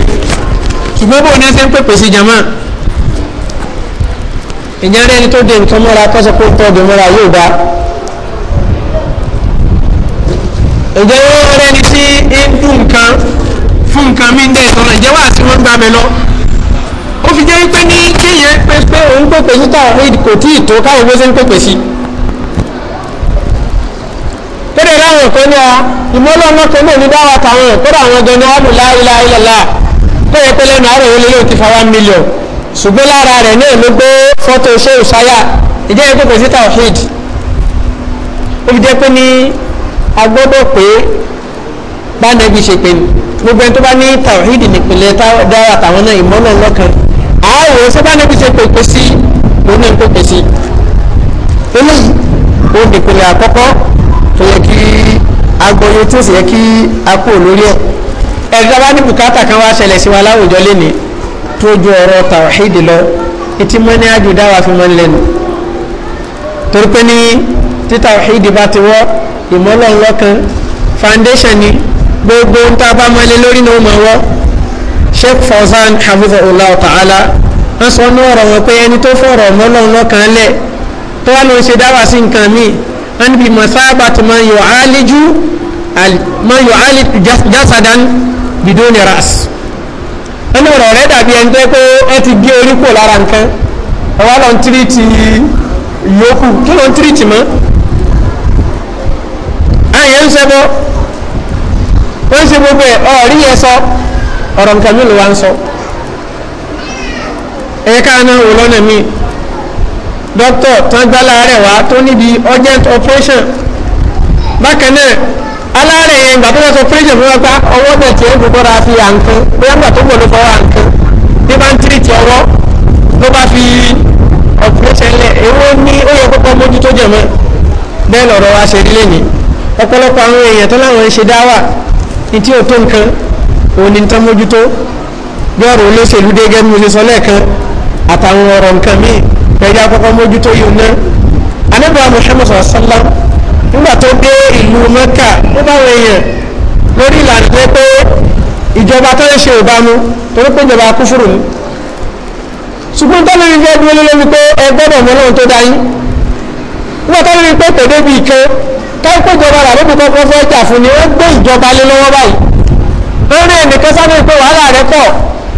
ṣùgbọ́n bóun ní ẹ ìyẹn rẹ́ni tó de nǹkan mọ́ra kọ́sọ̀ kó tọ́ de mọ́ra yóò dá ìjẹ́ wọ́n rẹ́ni tí ń dùn nǹkan fún nǹkan mí dẹ́ ìtọ́nà ìjẹ́ wà sí wọ́n gbà mí lọ ó fi jẹ́ pé ní kéèyàn pé pé òun pèpè sí táwọn kò tí ì tó káwọn bó ń pèpè sí kódà láwọn kan ní a ìmọ́lọ́ ọmọ kan náà ní dáwà táwọn kódà àwọn gan ni wọ́n mú kó yẹ pé lẹ́nu àárọ̀ ṣùgbọ́n lára rẹ̀ ní ìlú gbé fọ́tò ṣé òṣáyà ìjẹ́ ikú kò sí tawhid ó fi jẹ́ pé ní agbọ́dọ̀ pé bánẹ́bí ṣe pé gbogbo ẹni tó bá ní tawhid nípìnlẹ̀ dára tàwọn náà ìmọ̀ náà lọ́kàn àáwọ̀ ṣé bánẹ́bí ṣe pé pé sí òun náà pé pé sí eléyìí ó nípìnlẹ̀ àkọ́kọ́ tó yẹ kí agbóyè tó sì yẹ kí a kú lórí ẹ̀ ẹ̀dá bá ní bùkátà kan wá ṣẹlẹ̀ sí wa láwùjọ lénìí tó ju ọ̀rọ̀ tàwáhídì lọ etí mọ́ ní àjò dáwà fi mọ́ lẹ́nu torí pé ní tí tàwáhídì bá ti wọ́ ìmọ́lọ̀ ńlọ́kan foundation ni gbogbo ń tá a bá mọ́lé lórí ni ó mọ̀ wọ́ sheikh fawzan hafizahullah ta'ala wọ́n sọ ní ọ̀rọ̀ wọn pé ẹni tó fọ̀rọ̀ mọ́lọ̀ ńlọ́kan lẹ̀ tó wà ló ń ṣe dáwà sí nǹkan míì wọ́n níbi mọ̀sáàbà tó máa yọ̀ áálí ju máa yọ̀ áálí jásadan bidóni ras ẹnu ọ̀rọ̀ rẹ dàbí ẹni tẹ́ pé ẹ ti gé orí kò lára nǹkan ẹ wá lọ ń tírìtì yòókù kí ló ń tírìtì mọ́ àyẹ̀ ń ṣẹbọ ó ń ṣe gbogbo ẹ̀ ọ̀rí yẹn sọ ọ̀rọ̀ nǹkan mélòó wa ń sọ ẹ̀ka náà wò lọ́nà mi dókítà tán gbá láàárẹ̀ wá tó níbi urgent operation bákan náà aláàrẹ̀ yẹn ìgbà tó lọ sọ pírẹ́sì fún wa pé ah, ọwọ́ náà tiẹ̀ fi bọ́ra fi àǹkan bóyá nígbà tó ń bọ̀ ló fọwọ́ àǹkan bí bá ń tiri ti ọwọ́ ló bá fi ọ̀pẹ̀lẹ̀ṣẹ̀ lẹ̀ èwo ní ó yẹ kókó mójú tó jẹ̀ mọ́ bẹ́ẹ̀ lọ̀rọ̀ wa ṣe rí lẹ́yìn ọ̀pọ̀lọpọ̀ àwọn èèyàn tó láwọn ṣe dá wà ní tí ò tó nǹkan òun ni tán mójútó bí ọ̀rọ̀ olóṣèlú dé gẹ́gẹ́ ṣe sọ lẹ́ẹ̀kan àtàwọn ọ̀rọ̀ nǹkan míì ẹ̀yà kọ́kọ́ mójútó yìí ná anábàá Muhammad sallallahu nígbà tó dé ìlú mẹ́kà ó báwọn èèyàn lórí ìlànà pé pé ìjọba tó ń ṣe ìbámu torí pé ìjọba kúfùrù ni ṣùgbọ́n tó lórí fẹ́ dúró lórí pé ẹ gbọ́dọ̀ mọ lóhun tó dáyín nígbà tó lórí pé kò débi ìkan táwọn pé ìjọba rà lóbi kọ́kọ́ fẹ́ jà fún ni ó gbé ìjọba lé lọ́wọ́ báyìí lórí ẹnìkan sábẹ́ pé wàhálà rẹ̀ pọ̀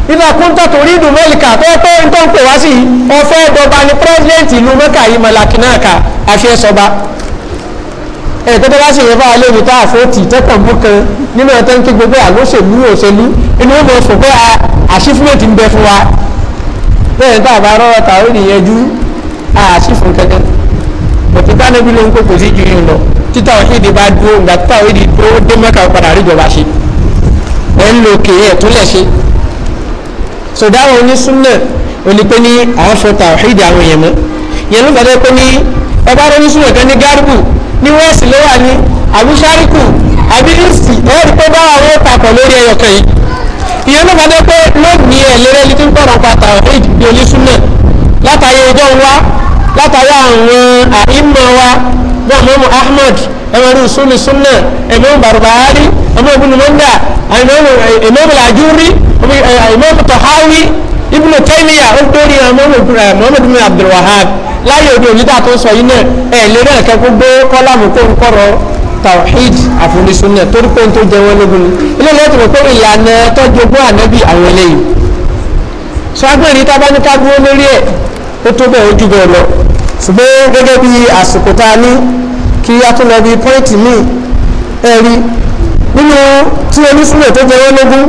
nígbà kúńtọ̀ torí ìdùn mẹ́lìkà tó pé ń tó ń pè wá sí ọfẹ́ ìjọba ni pírẹ́sidẹ́ǹtì ìlú mẹ́kà yìí mọ̀lákì náà kà àfi sọba ẹ̀kọ́ tó bá ṣe yẹn báwa lórí tá a fẹ́ tì tẹ́kàn bú kan nínú ẹ̀tọ́ ń ké gbogbo àgbóṣèlú òṣèlú inú ìmọ̀ fò pé àṣífúmẹ̀tì ń bẹ fún wa bẹ́ẹ̀ tá a bá rọ́rọ́ ta ó nìyẹn ju àṣífún kankan òtítà níbi ló ń kó kò sí ju yìí lọ títà òṣèdè bá dúró ìgbà títà òṣèdè tó dé mẹ́ka padà ríjọba ṣe ẹ̀ ń lo kèé ẹ̀ tó lẹ̀ ṣe sọdáwọn onísúnnà onípe ní àwọn fọta òṣèdè àwọn èèyàn mọ́ ìyẹn ló fẹ́ pé ní ọba rẹ̀ onísúnnà kan ní gárùbù ní wẹ́ẹ̀sì ló wà ní àbí sáríkù àbí ìsì ó rí pé báwa wọ́n papọ̀ lórí ẹyọ kan yìí ìyẹn ló fọdẹ pé lónìí ẹ̀ lérẹ́ ní tí ń pọ̀rọ̀ pa tàwíìd bí onísúnà látàyè ọjọ́ wa látàyè àwọn àìmọ̀ wa bí àmọ́mọ́ Ahmad ẹ̀mọ́rú súnmi súnà ẹ̀mọ́mọ́ bàrùbáárì ẹ̀mọ́mọ́ ìbùnú mọ́ndà ẹ̀mọ́mọ́ àjúrí Ibn Taymiyyah ó dórí Muhammad bin Abdul Wahhab láyé òde òyìnbá tó ń sọ yìí náà ẹ̀ lérí ẹ̀kẹ́ gbogbo kọ́lámù kó ń kọ́rọ̀ tawhid àfúnisunna torí pé n tó jẹ wọn lógun ilé lẹ́tọ̀ rẹ̀ pé ìlànà tọ́jọ́gbọ́ ànábì àwọn eléyìí sọ agbẹ́rì tábáníká dúró lórí ẹ̀ ó tó bẹ́ẹ̀ ó jù bẹ́ẹ̀ lọ ṣùgbọ́n gẹ́gẹ́ bí àsìkò tá a ní kí a tún lọ bí pọ́ìntì míì ẹ̀rí nínú tí onísùnà tó jẹ wọn lógun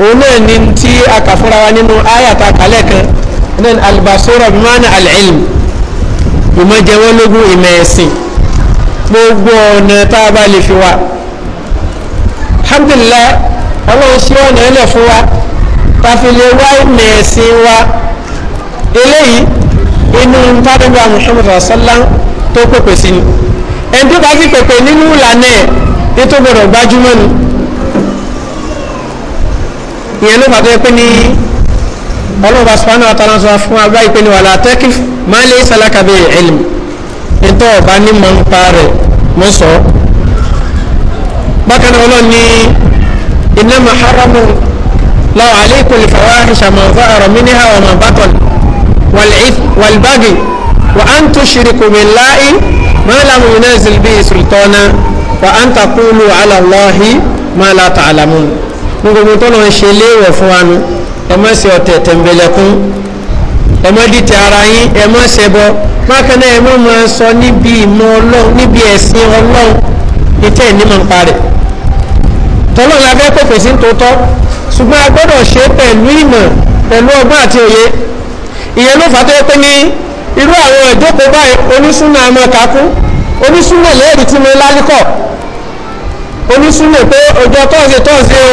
òun náà ni tí a kà fúnra wa nínú ayàtà kálẹ̀ kan náà ni albasora bimana alilm ìmọ̀jẹ̀wọ́lógún ìmọ̀ ẹ̀sìn gbogbo ọ̀nà tá a bá lè fi wa alhamdulillah àwọn ṣe ọ̀nà ẹlẹ̀ fún wa tàfilẹ̀ wá ìmọ̀ wa eléyìí inú tàbíbà muhammad rasallam tó pèpè sí ni ẹni tó bá fi pèpè nínú ìlànà ẹ̀ ní gbọdọ̀ gbájúmọ́ ni ìyẹn ló bá tó yẹ pé ní ọlọ́ọ̀bá sùpánù àtàlà sọ fún abúlé ìpè ní wàhálà tẹ́kì máa lé sálákàbẹ̀ ẹ̀lìm ètò ọ̀bá ní mọ̀ ń pa rẹ̀ mọ̀ sọ. bákan náà ọlọ́ọ̀ ní iná maharamu lọ́wọ́ àlékún lè fàwọn àhìṣàmọ̀ fún àrọ̀ mínìhà ọ̀mọ̀ bátọ̀lì wàlbági wà á ń tún ṣirikù mi láì máa lámù yunẹ́sìl bíi sultana wà á ń takúlù alàlọ́hì máa ní gbogbo tó lọ́n ṣe léèwọ̀ fún wa nu ẹ má ṣe ọ̀tẹ̀ tẹ̀m̀bẹ̀lẹ̀kún ẹ má dìtẹ̀ ara yín ẹ má ṣe bọ́ mákànnà ẹ má máa sọ níbi ìmọ̀ ọlọ́run níbi ẹ̀sìn ọlọ́run ìtẹ́ ìnímọ̀ ń parẹ̀ tọ́lọ́run la fẹ́ pèpè sí tòótọ́ ṣùgbọ́n a gbọ́dọ̀ ṣe pẹ̀lú ìmọ̀ pẹ̀lú ọgbọ́n àti òye ìyẹn ló fà tó yẹ pé ní irú àwọn ìjókòó báyìí onísúnà àmọ́ kakú onísúnà lẹ́ẹ̀rí tí mo lálíkọ̀ onísúnà pé ọjọ́ tọ́sí tọ́sí o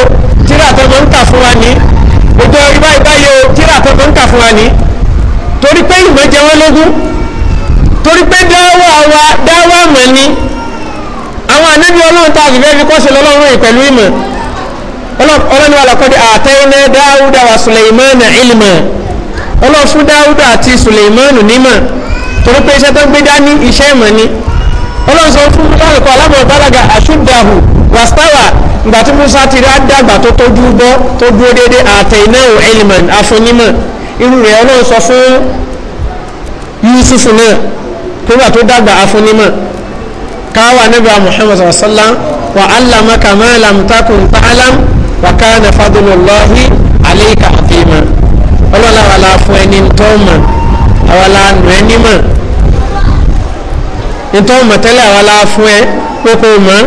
tíra tọ́jọ́ ń kà fún wa ní gbogbo orí báyìí báyìí o tíra tọ́jọ́ ń kà fún wa ní torí pé ìmọ̀ jẹ wọ́n lógún torí pé dáwà wa dáwà mọ̀ ni àwọn ànábì ọlọ́run tá a sì fẹ́ fi kọ́sẹ̀ lọ́lọ́run yìí pẹ̀lú ìmọ̀ ọlọ́run wa lọ́kọ́dé àtẹ́yìnlẹ́ dáúdà wa sùlẹ̀mánà ìlmọ̀ ọlọ́run fún dáúdà àti sùlẹ̀mánù nímọ̀ torí pé iṣẹ́ tó gbé dání iṣẹ́ ìmọ̀ ni ọlọ́run sọ fún báyìí kọ́ alábọ̀ bálaga wàstáwà ìgbà tí musa ti rí àdàgbà tó tójú bọ́ tó dúró déédéé àtẹ iná ò ẹlìmọ̀n afúnímọ̀ irú rẹ̀ ọlọ́run sọ fún yusufu náà tó wà tó dàgbà afúnímọ̀ káwà níbi muhammad sallam wa Allama ma lam takun ta'lam wa kana fadlullahi alayka atima ọlọ́run àwọn aláfọ ẹni tó mọ̀ àwọn aláàánú ẹni mọ̀ nítorí mọ̀tẹ́lẹ̀ àwọn aláfọ ẹ kókó mọ̀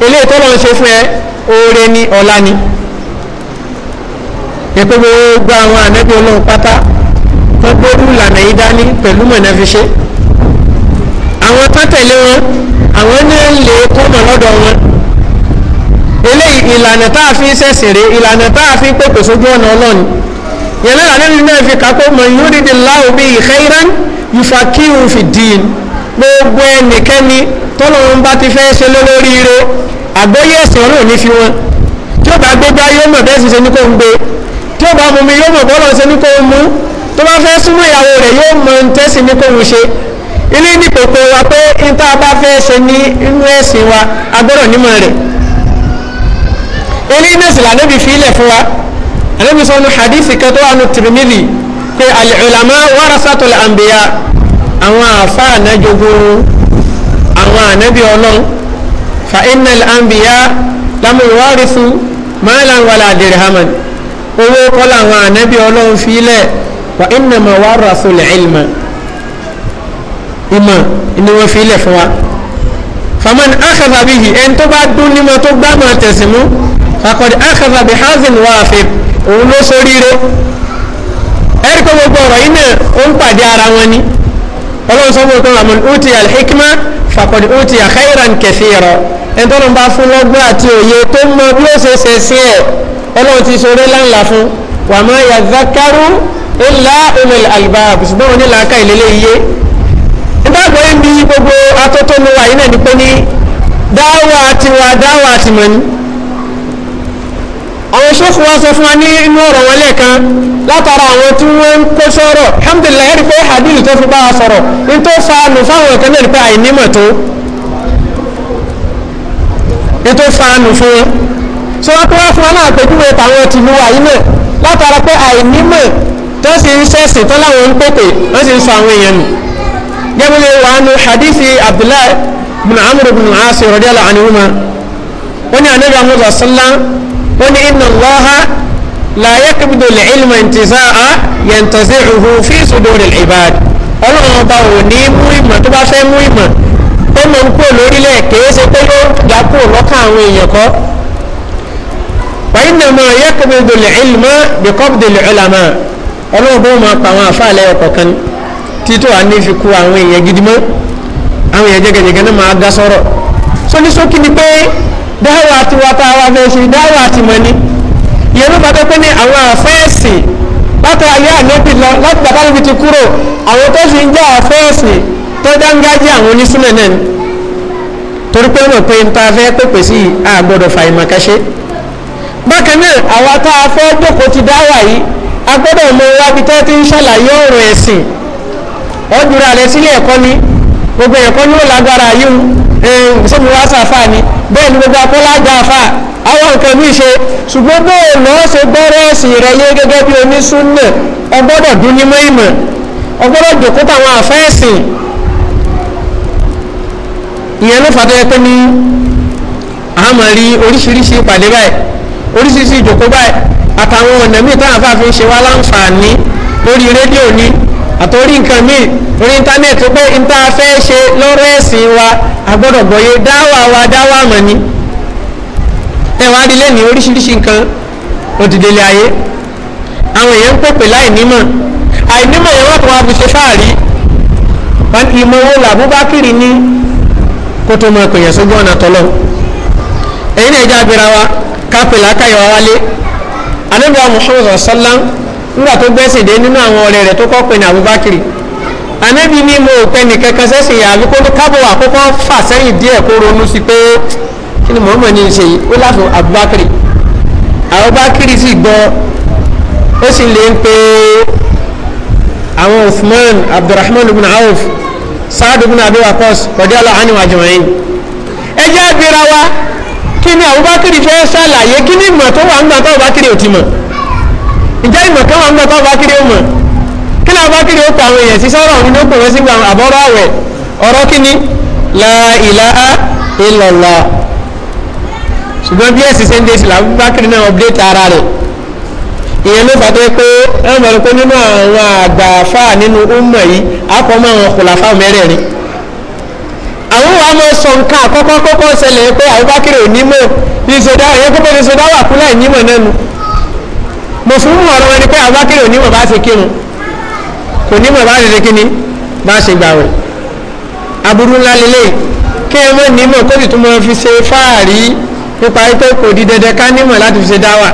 eléyìí tó lọ ń ṣe fún ẹ oore ni ọlá ni ìpè gbogbo àwọn ànábì Ọlọ́run pátá tó gbóòrú ìlànà yìí dání pẹ̀lú mọ̀nà fi ṣe àwọn tó tẹ̀lé wọn àwọn ní lè kọ́mọ̀ lọ́dọ̀ wọn eléyìí ìlànà tá a fi ń ṣẹ̀sìn rè ìlànà tá a fi ń pèpè sójú ọ̀nà Ọlọ́run yẹn náà ànábì náà fi kà pé man yuridillahu bihi khairan yufaqihu fid din gbogbo ẹnikẹ́ni tọ́lọ́run bá ti fẹ́ ṣe lólóríire àgbóyé ẹ̀sìn ọlọ́run ní fi wọn tí ó bá gbégbá yóò mọ̀ bẹ́ẹ̀ sì ṣe ní kó ń gbé tí ó bá mú mi yóò mọ̀ bọ́lọ̀ ṣe ní kó ń mú tó bá fẹ́ súnmọ́ ìyàwó rẹ̀ yóò mọ̀ ń tẹ́sí ní kó ń ṣe ilé ní kòkó wa pé n tá a bá fẹ́ ṣe ní inú ẹ̀sìn wa a gbọ́dọ̀ nímọ̀ rẹ̀ ilé iná sì lànà ìbí fílẹ̀ fún wa ànábi sọ nu hadith kan tó wà nu Tirmidhi pé al-ulama warasatul anbiya àwọn àfa ànájogún àwọn ànábì ọlọ́run fa innal anbiya lam yuwarithu malan wala dirhaman owó kọ́lá àwọn ànábì ọlọ́run fílẹ̀ wa iná ma innama warathul ilma ìmọ̀ ni wọ́n fílẹ̀ fún wa faman akhadha bihi ẹni tó bá dún ní ma tó gbá ma tẹ̀sìn mú faqad akhadha bi hazin wafiq òun ló soríire ẹ̀rí kó gbogbo ọ̀rọ̀ yìí náà ó ń pàdé ara wọn ni ọlọ́run sọ fún ọkàn àmọ́ ó ti al fakọ̀dé ó ti khairan kathira ẹni tọ́lọ́ bá fún lọ́gbọ́n àti òye tó mọ bí ó ṣe ṣe sí ẹ̀ ọlọ́run ti fún wa ma yadhakkaru illa ulul albab ṣùgbọ́n òní làákà ìlélẹ́ iye nígbàgbọ́ yìí ní gbogbo atótónu wa yìí náà ní pé ní dáwà tiwa dáwà tìmọ̀ àwọn ṣéfù wa sọ fún wa ní inú ọ̀rọ̀ wọn lẹ́ẹ̀kan látara àwọn tí wọ́n ń kó sọ̀rọ̀ alhamdulillah ẹ̀rí pé hadith tó fi bá wa sọ̀rọ̀ ní tó fa nù fáwọn ẹ̀kan náà ní pé àìnímọ̀ tó ní tó fa nù fún wọn so wọ́n pẹ́ wá fún wa náà pẹ̀lú tàwọn ti lu àyí náà látara pé àìnímọ̀ tó sì ń ṣẹ̀sìn tó láwọn ń pèpè wọ́n sì ń sọ àwọn èèyàn nù gẹ́gẹ́ wa nu hadith abdullahi ó ní inna Allaha la yakbidu al-ilma intiza'a yantazi'uhu fi suduri al-ibad ọlọ́run ọba ò ní mú ìmọ̀ tó bá fẹ́ mú ìmọ̀ ó mọ̀ ń kúrò lórílẹ̀ kìí ṣe pé yóò dá kúrò lọ́kàn àwọn èèyàn kọ́ wa innama yakbidu ilma bi qabdi ọlọ́run bó máa pa àwọn àfáàlẹ́ ọkọ̀ kan títí wàá fi kú àwọn èèyàn gidi mọ́ àwọn èèyàn jẹgẹjẹgẹ náà máa dá sọ́rọ̀ sọ́ni sókè ni pé dáwà tí wọ́n tá a wá fẹ́ ṣe dáwà tí mo ní ìyẹn ló bá tó pé ní àwọn àfẹ́ẹ̀sì látara ayé ànẹ́bí lọ láti bàbá níbi ti kúrò àwọn tó sì ń jẹ́ àfẹ́ẹ̀sì tó dángájí àwọn onísúnmẹ̀ náà ni torí pé mọ̀ pé n ta fẹ́ pèpè sí àgbọ̀dọ̀ fàìmọ̀kẹ́ṣe bákan náà àwa tá a fẹ́ jókòó ti dáwà yìí a gbọ́dọ̀ mọ wábi tó ti ń ṣàlàyé ọ̀rọ̀ ẹ̀sìn ọ̀dùnrà rẹ̀ sílé ẹ̀kọ́ ni gbogbo ẹ̀kọ́ ni ó lágbára yìí sẹ́mi wá sàfà ni bẹ́ẹ̀ ni gbogbo akọ́lá jà fà àwọn nǹkan mi ṣe ṣùgbọ́n bẹ́ẹ̀ lọ́ọ́ ṣe gbọ́rọ̀ ẹ̀sìn rẹ̀ yé gẹ́gẹ́ bí onísúnnà ọgbọ́dọ̀ dún ní mọ́ìmọ̀ ọgbọ́dọ̀ jòkó táwọn àfẹ́ẹ̀sìn ìyẹn ló fàtọ́ yẹ pé ní àmọ́ rí oríṣiríṣi ìpàdé báyìí oríṣiríṣi ìjòkó báyìí àtàwọn ọ̀nà míì táwọn afáfin ṣe wá láǹfààní lórí rédíò ní àtọ́rí nǹkan míì orí íńtánẹ́ẹ̀tì pé n fẹ́ ṣe lọ́rọ̀ wa àgbọ́dọ̀ gbọ́yé dáwà wa dáwà mọ̀ ni ẹwà rí lẹ́ni oríṣiríṣi nǹkan òdìdélé ayé àwọn èèyàn ń pèpè láì nímọ̀ àìnímọ̀ yẹn wọ́n kàn wá fi ṣe fáàrí ìmọ̀wó làbúbákìrì ní kó tó mọ ìpìyàn sójú ọ̀nà tọ́lọ́ èyí ni ẹja abira wa kápẹ́ làákàyọ̀ wa wálé anábìá muhammadu sallallahu nígbà tó gbẹ́sìn dé nínú àwọn ọ̀rẹ́ rẹ̀ tó kọ́ pé ní Abubakiri anabi ni mo pẹ́ nìkan kan sẹ́sìn yà àbí kó kábọ̀ àkọ́kọ́ fà sẹ́yìn díẹ̀ kó ronú sí pé kí ni Muhammad ní í ṣe yìí ó láfi Abubakiri Abubakiri sì gbọ́ ó sì lè ń pe àwọn Uthman abdulrahman ibn Auf Saad ibn Abi Waqqas radiyallahu anhu ajma'in ẹ jẹ́ abira wa kí ni Abubakiri fẹ́ ṣàlàyé kí ni ìmọ̀ tó wà ń gbà tó Abubakiri ò ti mọ̀ ìjẹ́ ìmọ̀ kan wọn ń gbọ́ tó bá kiri ó mọ̀ kí ni abá kiri ó pa àwọn èèyàn sí sọ́rọ̀ òun ló pèrè sí gbàmù àbọ̀rọ̀ àwẹ̀ ọ̀rọ̀ kí ni la ilaha illallah ṣùgbọ́n bí ẹ̀sìn sẹ́ńdé sí làwọn bá kiri náà update ara rẹ̀ ìyẹn ló fà tó pé ẹ mọ̀ pé nínú àwọn àgbààfà nínú ọmọ yìí àpọ̀ mọ́ àwọn kòlàfà mẹ́rẹ̀ẹ̀rin àwọn wa mọ sọ nǹkan àkọ́kọ́ kọ́kọ́ ṣẹlẹ̀ pé Abubakar onímọ̀ ní sọdá ẹ̀yẹ́ kó bẹ́ẹ̀ ní sọdá wà kúlẹ̀ nímọ̀ náà nu mùsùlùmí ọ̀rọ̀ ẹni pé abákẹ́rẹ́ onímọ̀ bá ṣe kírun kò nímọ̀ bá ṣe kíni bá ṣe gbàwẹ̀ aburú ńlá lélẹ̀ kí ẹ mọ̀ nímọ̀ kó sì tún mọ̀ fi ṣe fáàrí nípa pé kò di dandan ká nímọ̀ láti fi ṣe dáwà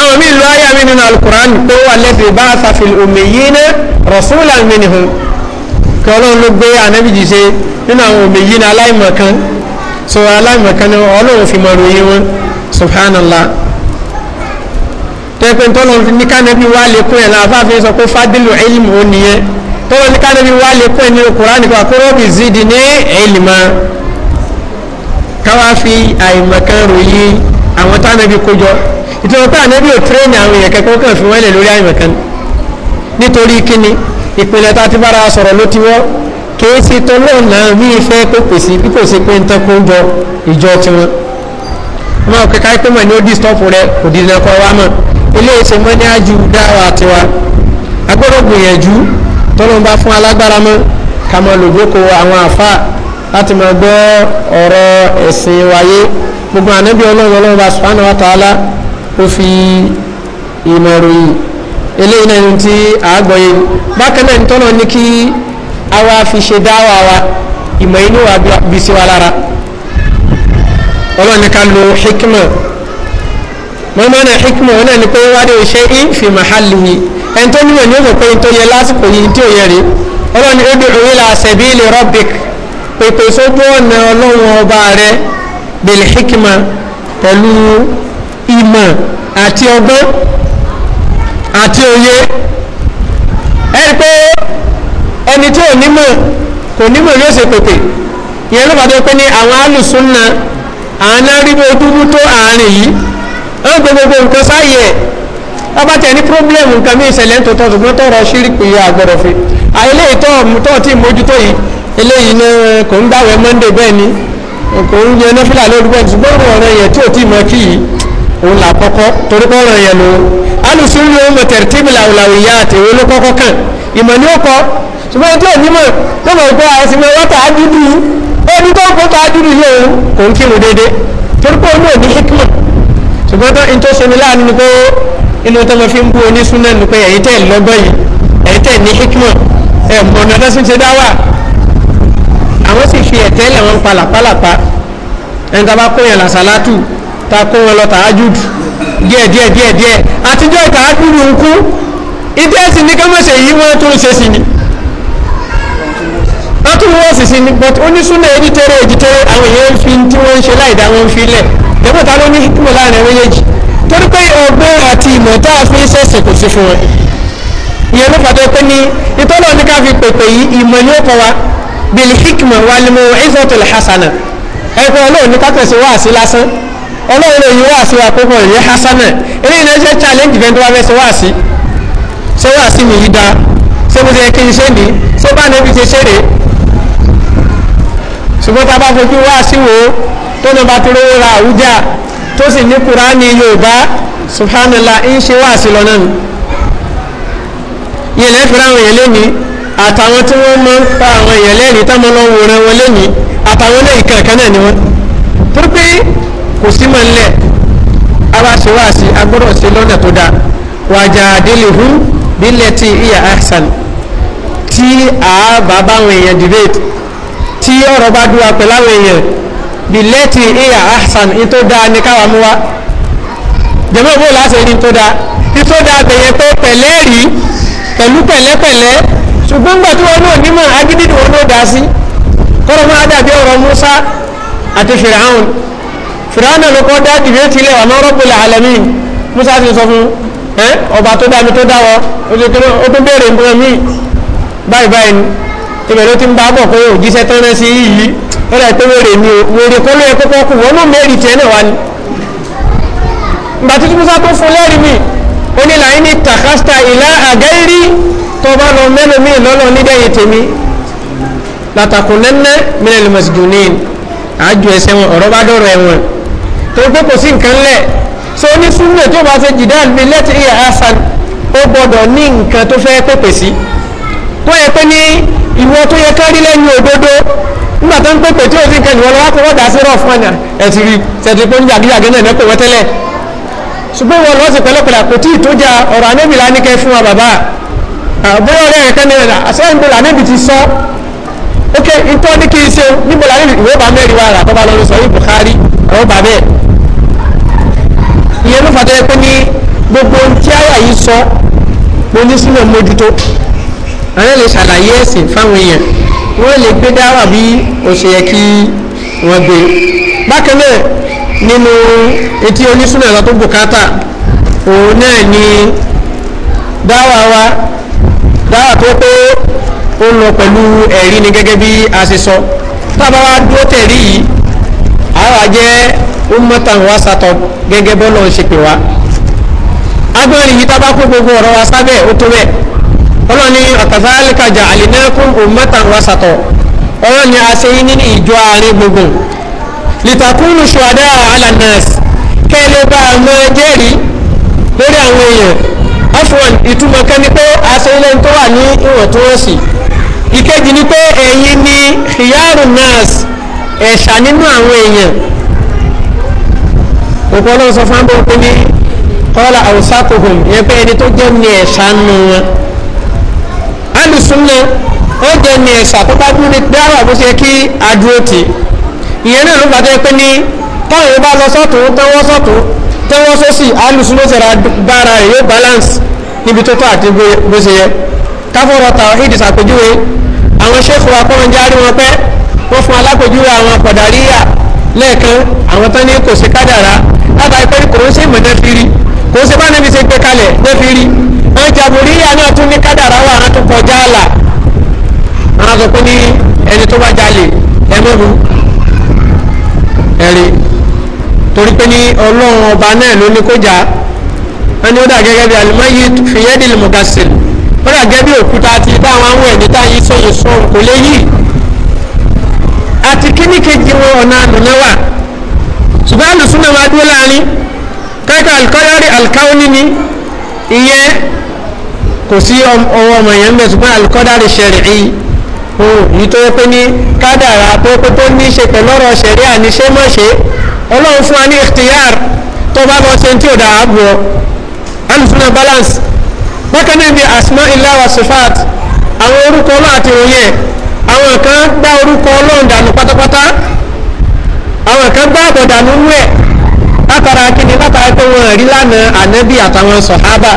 àwọn míì lu ayé mi nínú alukur'an pé wà lẹ́bi bá àtàfin ummiyina rasulan minhum kí ọlọ́run ló gbé ànábìjì ṣe nínú àwọn ummiyina aláìmọ̀kan so aláìmọ̀kan ni ọlọ́run fi mọ̀ wọn subhanallah tẹ́pẹ́ tọ́lọ̀ ní kánẹ́bí wá lè kún ẹ̀ láàfáàfin sọ pé fadilu ilmu ó nìyẹn tọ́lọ̀ ní kánẹ́bí wá lè kún ẹ̀ ní Kùránì kan kúrò bí zidi ní ilma káwá fi àìmọ̀kan ròyìn àwọn tánẹ́bí kójọ ìtọ́wọ́ pé ànẹ́bí ò tírẹ́nì àwọn èèyàn kẹ́kọ̀ọ́ kan fi wọ́n lẹ̀ lórí àìmọ̀kan nítorí kíni ìpínlẹ̀ tá ti bára sọ̀rọ̀ ló ti wọ́ ma kẹkẹ ayé pé mọ̀ ní ó disturb rẹ kò di dandan kọ́ wa mọ̀ ilé ìṣe mọ́ ní ájú dáwà tiwa agbọ́dọ̀ gbìyànjú tọ́lọ́n bá fún alágbára mọ́ ká mọ́ lòdókò àwọn àfa láti mọ́ gbọ́ ọ̀rọ̀ ẹ̀sìn wáyé gbogbo ànábì ọlọ́run ọlọ́run bá subhanahu wa ta'ala ó fi ìmọ̀ ròyìn eléyìí náà ti àgbọ̀yé bákan náà tọ́lọ́ ní kí àwa fi ṣe dáwà wa ìmọ̀ inú wa bí sí wa lára ọlọ́run ní ká lo hikma mọ́mọ́nà hikma wọn náà ni pé wá dé iṣẹ́ ìfì màhálì ẹni tó nímọ̀ ní ó mọ̀ pé tó yẹ lásìkò yìí tí ò yẹ rí ọlọ́run ebi ila sabili rabbik pèpè sójú ọ̀nà ọlọ́run ọba rẹ bil hikma pẹ̀lú ìmọ̀ àti ọgbọ́n àti òye ẹni pé ẹni tí ò nímọ̀ kò nímọ̀ yóò ṣe pèpè ìyẹn ló bàtọ́ pé ní àwọn alùsùn náà àánà rí bó dúdú tó àárín yìí wọ́n gbé gbogbo nǹkan sáyẹ̀ ẹ̀ wọ́n bá tẹ̀ ní pírọ́blẹ̀mù nǹkan mí ìṣẹ̀lẹ̀ tó tọ́ ṣùgbọ́n tọ̀rọ̀ ṣíríkù yìí àgbọ̀dọ̀ fi àìléyìí tó ti mójútó yìí eléyìí ní eh, kò ń gbàwẹ̀ monday bẹ́ẹ̀ ni kò ń yẹ nọ́fìlà lórí bẹ́ẹ̀ ṣùgbọ́n ọ̀rọ̀ yẹn tí ò tí mọ kí yìí òun là kọ́kọ́ torí pé ọ̀rọ̀ yẹn ló alùsùn ni ó mọ tẹ̀rẹ̀tìmì làwùlàwù yá àti ìwé ló kọ́kọ́ kàn ìmọ̀ ni ó kọ́ ṣùgbọ́n tí ò ní mọ̀ tó ń kó tahajúdù yóò kò ń kírun déédéé torí pé olóò ní hikma ṣùgbọ́n tó ń tó ṣe ní láàánú ni pé inú tó ma fi ń bú oní súnà ni pé ẹ̀yin tẹ̀ lọ́gbọ́n yìí ẹ̀yin tẹ̀ ní hikma ẹ̀ mọ̀nà tó sì ń ṣe dá wà àwọn sì fi ẹ̀tẹ́ lẹ̀ wọn palàpalàpa ẹni tá a bá kó yẹn làṣàlátù tá a kó wọn lọ tahajúdù díẹ̀díẹ̀díẹ̀díẹ̀ àtijọ́ tahajúdù ń kú ìtẹ́sì ní kẹ́mọ̀ṣẹ̀ yìí wọ́n tún ṣe sí ni tí wọ́n sì sí ni but onísúnà èyí tẹ́rẹ̀ èyí tẹ́rẹ̀ àwọn èèyàn fi tí wọ́n ń ṣe láì dá wọn fi lẹ̀ lẹ́gbọ́n ta ló ní hikima láàrin méjèèjì torí pé ọgbọ́n àti ìmọ̀ tá a fi ń ṣẹ̀ṣẹ̀ kò sí fún wọn ìyẹn ló fàtọ́ pé ní ìtọ́lọ́ ní ká fi pèpè yìí ìmọ̀ ni ó kọ wa bil hikima wal mu'izatil hasana ẹ̀kọ́ ọlọ́run lè hasana eléyìí náà ṣe challenge fẹ́ tó wá fẹ́ ṣe wáàsí ṣe wáàsí mi yí dáa ṣé mo ṣe ṣùgbọ́n tá a bá fojú wá síwò tó ní bá ti rówó ra àwùjá tó sì ní kúránì yorùbá subhanallah ń ṣe wá sí lọ́nà nù yẹn lẹ́fẹ̀ẹ́ àwọn èèyàn lẹ́ni àtàwọn tí wọ́n máa ń àwọn èèyàn lẹ́ni táwọn lọ́ wòran wọn lẹ́ni àtàwọn lẹ́yìn kankan náà ni wọ́n torí pé kò sí mọ̀ nílẹ̀ abáṣewáṣe agbọ́dọ̀ ṣe lọ́nà tó dáa wàjà àdélehùn bílẹ̀ tí ìyá ahsan tí àá bàbá àwọn èèyàn debate tí ọ̀rọ̀ bá dúwà pẹ̀lú àwọn èèyàn bí lẹ́tì ìyà ahsan in tó dáa ní káwà mú wa jẹ́mọ́ ìbò láti ní tó dáa ní tó dáa bẹ̀yẹ pé pẹ̀lẹ́ rí pẹ̀lú pẹ̀lẹ́pẹ̀lẹ́ ṣùgbọ́n gbà wọn náà nímọ̀ agídídì wọn náà dá sí kọ́rọ̀ máa dàbí ọ̀rọ̀ Musa àti Firaun Firaun náà ló kọ́ dá dìbò tilẹ̀ wà náà rọ́pò alamin Musa ti sọ fún ọba tó dá mi tó dá wọ ó tún béèrè nǹkan mi báyìí ibẹ̀ ló ti ń bá bọ̀ pé òjíṣẹ́ tó rẹ́ sí yìí ó rẹ̀ pé wèrè ni o wèrè kó ló yẹ kókó kù wọ́n ló mẹ́rin tiẹ̀ náà wá ni. ìgbà tí musa tó fún lẹ́rìí mi ó ní làyín ní takasta ìlà àgẹ́rì tó bá lọ mẹ́lò mí lọ́lọ́ nídẹ̀yìn tèmi làtàkùn nẹ́nẹ́ mílẹ̀ lùmọ̀sídùnì àjò ẹsẹ̀ wọn ọ̀rọ̀ bá dọ̀rọ̀ ẹ̀wọ̀n tó pé kò sí nǹkan lẹ̀ so ní súnmọ̀ tó bá ṣe jìdáàlì mi lẹ́tì ìyá hasan ó gbọ́dọ̀ ní nǹkan tó fẹ́ pèpè sí tó yẹ pé ní ìwọ tó yẹ kárí lẹ́yìn òdodo nígbà tó ń pèpè tí òsì kẹjù wọn lọ́wọ́ kọ́wọ́ dà sí rọ̀ fún ọ̀nà ẹ̀sìn rí tẹ̀sí pé ní jàgídíjàgí náà nẹ́kọ̀ wọ́tẹ́lẹ̀ ṣùgbọ́n wọn lọ́sẹ̀ pẹ̀lẹ́pẹ̀lẹ́ kò tí ì tó ja ọ̀rọ̀ anẹ́bì lánìkẹ́ fún wa bàbá àbúrò rẹ̀ kẹ́ ní ẹ̀dà àṣẹ́yìn bó lànẹ́bì ti sọ wa bàbá ẹ̀ ìyẹn ló ní gbogbo tí àwọn lè ṣàlàyé ẹ̀sìn fáwọn èèyàn wọ́n lè gbé dáwà bí ó ṣe yẹ kí wọ́n gbé bákan náà nínú etí onísúnà ẹ̀rọ tó bùkátà òun náà ni dáwà wa dáwà tó pé ó lọ pẹ̀lú ẹ̀rí ni gẹ́gẹ́ bí a ṣe sọ tábà wá dúró tẹ̀rí yìí àwa jẹ́ ummatan wasatọ gẹ́gẹ́ bọ́lọ̀ ń ṣe pè wá agbọ́n yìí tábà kó gbogbo ọ̀rọ̀ wa sábẹ́ ó tó bẹ́ẹ̀ ọlọ́ni ọ̀kàfàálìkà jà àlìnákùn ummatan wasatọ̀ ọlọ́ni àṣeyí ní ìjọ àárín gbùngbùn litakunu ṣùwádà alanas kẹ́lẹ́ bá a mọ jẹ́rìí lórí àwọn èèyàn afwan ìtumọ̀ kan ni pé àṣeyí lẹ́nu tó wà ní ìwọ̀ntúnwọ̀nsì ìkejì ni pé ẹ̀yin ni khiyaru nas ẹ̀ṣà nínú àwọn èèyàn òkú ọlọ́run sọ fún abọ́ pé ní kọ́lá àwùsákòhùn ìyẹn pé ẹni tó jẹ́ ní ẹ̀ṣà nù wọn alùsùnlẹ̀ ó jẹ́ ní ẹ̀sà tó bá dúró dáwà bó ṣe kí adúró tì ìyẹn náà ló bàtẹ́ pé ní táwọn yóò bá lọ sọ́tún tẹ́wọ́ sọ́tún tẹ́wọ́ sósì alùsùnlẹ̀ sọ̀rọ̀ bára rẹ̀ yóò balance níbi tó tọ́ àti bó ṣe yẹ káfọ́rọ̀ tàwọn ìdí sàpèjúwe àwọn ṣẹ́fù akọ́rọ̀njá rí wọn pẹ́ wọ́n fún alápèjúwe àwọn pọ̀dáríyà lẹ́ẹ̀kan àwọn tán ní kò sí kádàrá látàrí pé kò ń ṣe ìmọ̀ àwọn jàbùríyà náà tún ní kádàrá wà á tún kọjá àlà àwọn sọ pé ní ẹni tó bá jalè ẹ mẹ́bu ẹ̀rí torí pé ní ọlọ́run ọba náà ló ní kó jà á ní ó dà gẹ́gẹ́ bí alimọ́yì fìyẹ́dì lùmọ̀gàsìn ó dà gẹ́gẹ́ bí òkúta àti táwọn àwọn ẹ̀mí táyé sọ̀yìn sọ̀rùn kò lè yí àti kíní kejì wọn ọ̀nà àdùnnà wà ṣùgbọ́n àlùsùn náà wá dúró láàrin kẹ́kọ̀ọ́ alikọ́yọ́rì alikawuni ni ìyẹn kò sí ọwọ́ ọmọ èèyàn bẹ̀ ṣùgbọ́n alukọ́dárì ṣẹ̀rìí yìí tó yẹ pé ní kádàrà tó pé tó ní ṣe pẹ̀lú ọ̀rọ̀ ṣẹ̀ríà ní ṣé mọ̀ ṣe ọlọ́run fún wa ní ikhtiyar tó bá bọ́ ṣe tí ò dáa bù ọ́ alùsùnà balance bákan náà bí asma ilá wa sifat àwọn orúkọ ọlọ́run àti òye àwọn kan gbá orúkọ ọlọ́run dànù pátápátá àwọn kan gbá àbọ̀ dànù nú ẹ̀ látara kíni látara pé wọn rí lánàá ànábì àtàwọn sọ̀hábà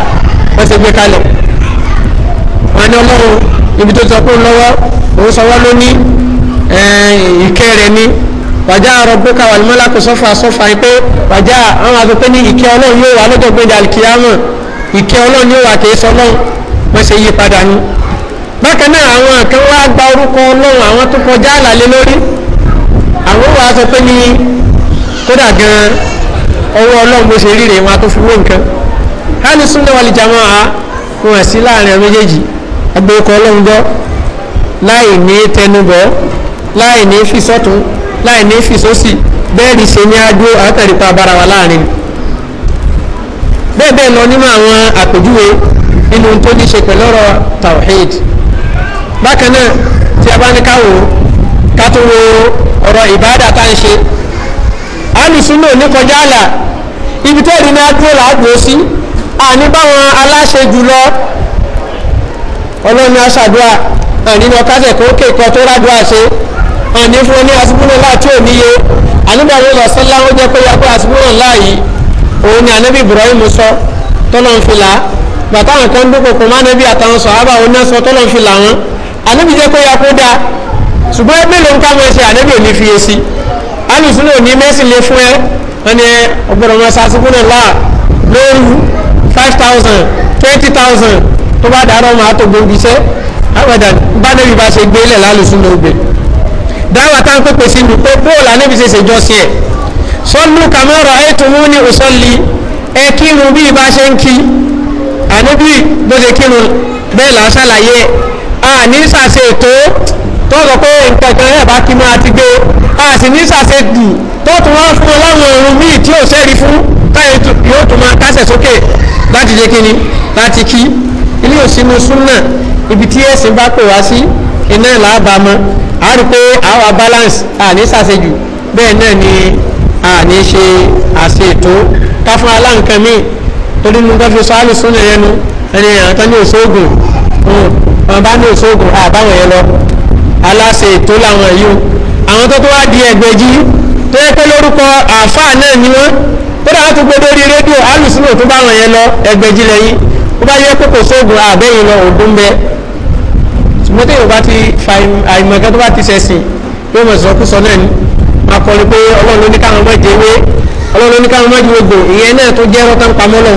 wọ́n ti gbé kalẹ̀ àní ọlọ́run ibi tó sọ pé lọ́wọ́ òun sọ wá lónìí ìkẹ́ rẹ̀ ni wàjá rọ̀bùkà wal malaku sọ́fà sọ́fà yìí pé wàjá àwọn afẹ́fẹ́ ní ìkẹ́ ọlọ́run yóò wà lọ́jọ́ gbé dàlkìyàmọ̀ ìkẹ́ ọlọ́run yóò wà kìí sọ lọ́run wọ́n ṣe yí padà ni. bákan náà àwọn kan wá gba orúkọ ọlọ́run àwọn tó kọjá àlàlé lórí àwọn wàá sọ pé ní kódà gan ọwọ́ ọlọ́run bó ṣe ríre wọn a tó fi wó nǹkan. hálùsùn náà wà lè jà wọn à wọn sí láàrin méjèèjì agbókọ ọlọ́run gbọ́ láì ní tẹnubọ̀ láì ní fisọ́tún láì ní fisọ́sì bẹ́ẹ̀ ni ṣe ní adó àtàrípa bára wa láàrin bẹ́ẹ̀ bẹ́ẹ̀ lọ nínú àwọn àpèjúwe nínú tó ní ṣe pẹ̀lú ọ̀rọ̀ tawhid bákan náà tí a bá ní káwò ká tó wo ọ̀rọ̀ ìbáàdà tá ń ṣe alùsùnà ní kọjá àlà ibi tẹ́ẹ̀rí ní adó làágbó sí àní báwọn aláṣẹ jùlọ ọlọ́run ní aṣàdúrà ànínú ọkásẹ̀ kó kéèkọ́ tó rádùá ṣe àní fún ọ ní asibúrò láà tí ò níye àníbà yóò lọ sọ́lá ó jẹ́ pé yàgbé asibúrò láà yìí òun ni ànábì Ibrahim sọ tọ́lọ́ ń fi là bàtà àwọn kan dúnkòkò má nábì àtàwọn sọ̀hábà òun náà sọ tọ́lọ́ ń fi là wọn ànábì jẹ́ pé yàgbó dáa ṣùgbọ́n ẹgbẹ́ ló ń ká mọ́ ẹṣẹ́ ànábì ò ní fi èsì alùsùnà ò ní mẹ́sì lé fún ẹ wọn five thousand twenty thousand tó bá dàárọ̀ máa tó gbòǹbì iṣẹ́ àgbàdàn bá nẹ́bí bá ṣe gbé lẹ̀ lálùsùn ló gbé dáwà tá ń pèpè sí mi pé bóòlà nẹ́bí ṣe ṣèjọ́ sí ẹ̀ sọ́lù kàmọ́rọ̀ ẹ̀tùmú ní òsọ́lì ẹ kírun bí ibà ṣe ń kí àníbí bó ṣe kírun bẹ́ẹ̀ là ń ṣàlàyé ẹ̀ a ní ṣàṣe ètò tó sọ pé nǹkan kan ẹ̀ bá kí mọ́ àti gbé a sì ní ṣàṣe dù tó tún wá fún ọlọ́run ọ̀run míì tí ò sẹ́rí fún táyé yóò tún máa kásẹ̀ sókè láti jẹ́ kíni láti kí ilé òsínú súnà ibi tí ẹ̀sìn bá pè wá sí iná làábàámọ́ a rí pé àwa balance àní ṣàṣejù bẹ́ẹ̀ náà ni àní ṣe àṣetò káfún aláǹkan míì torí nu gbọ́dọ̀ sọ àlùsùn náà yẹnu ẹni àtọ́ ní òṣoògùn hmm. wọn bá ní òṣoògùn àbáwọn yẹn lọ aláṣẹ ètò làwọn yìí àwọn tó tó wá di ẹgbẹ́jì tó yẹ pé lórúkọ àáfàá náà ni wọn kódà wọn tó gbé lórí rédíò àlùsùn náà tó yẹn lọ ẹgbẹ́jì lẹ́yìn ó bá yẹ kókò sóògùn àbẹ́yìn lọ ògùn bẹ ṣùgbọ́n tí yorùbá ti fa àìmọ̀gá tó bá ti ṣẹ̀sìn yóò mọ̀ sọ kúsọ náà ni máa kọ́ ni pé ọlọ́run ló ní káwọn má jẹ ewé ọlọ́run ló ní káwọn má jẹ gbogbo ìyẹn náà tó jẹ́ rọ́tà ń pamọ́ lọ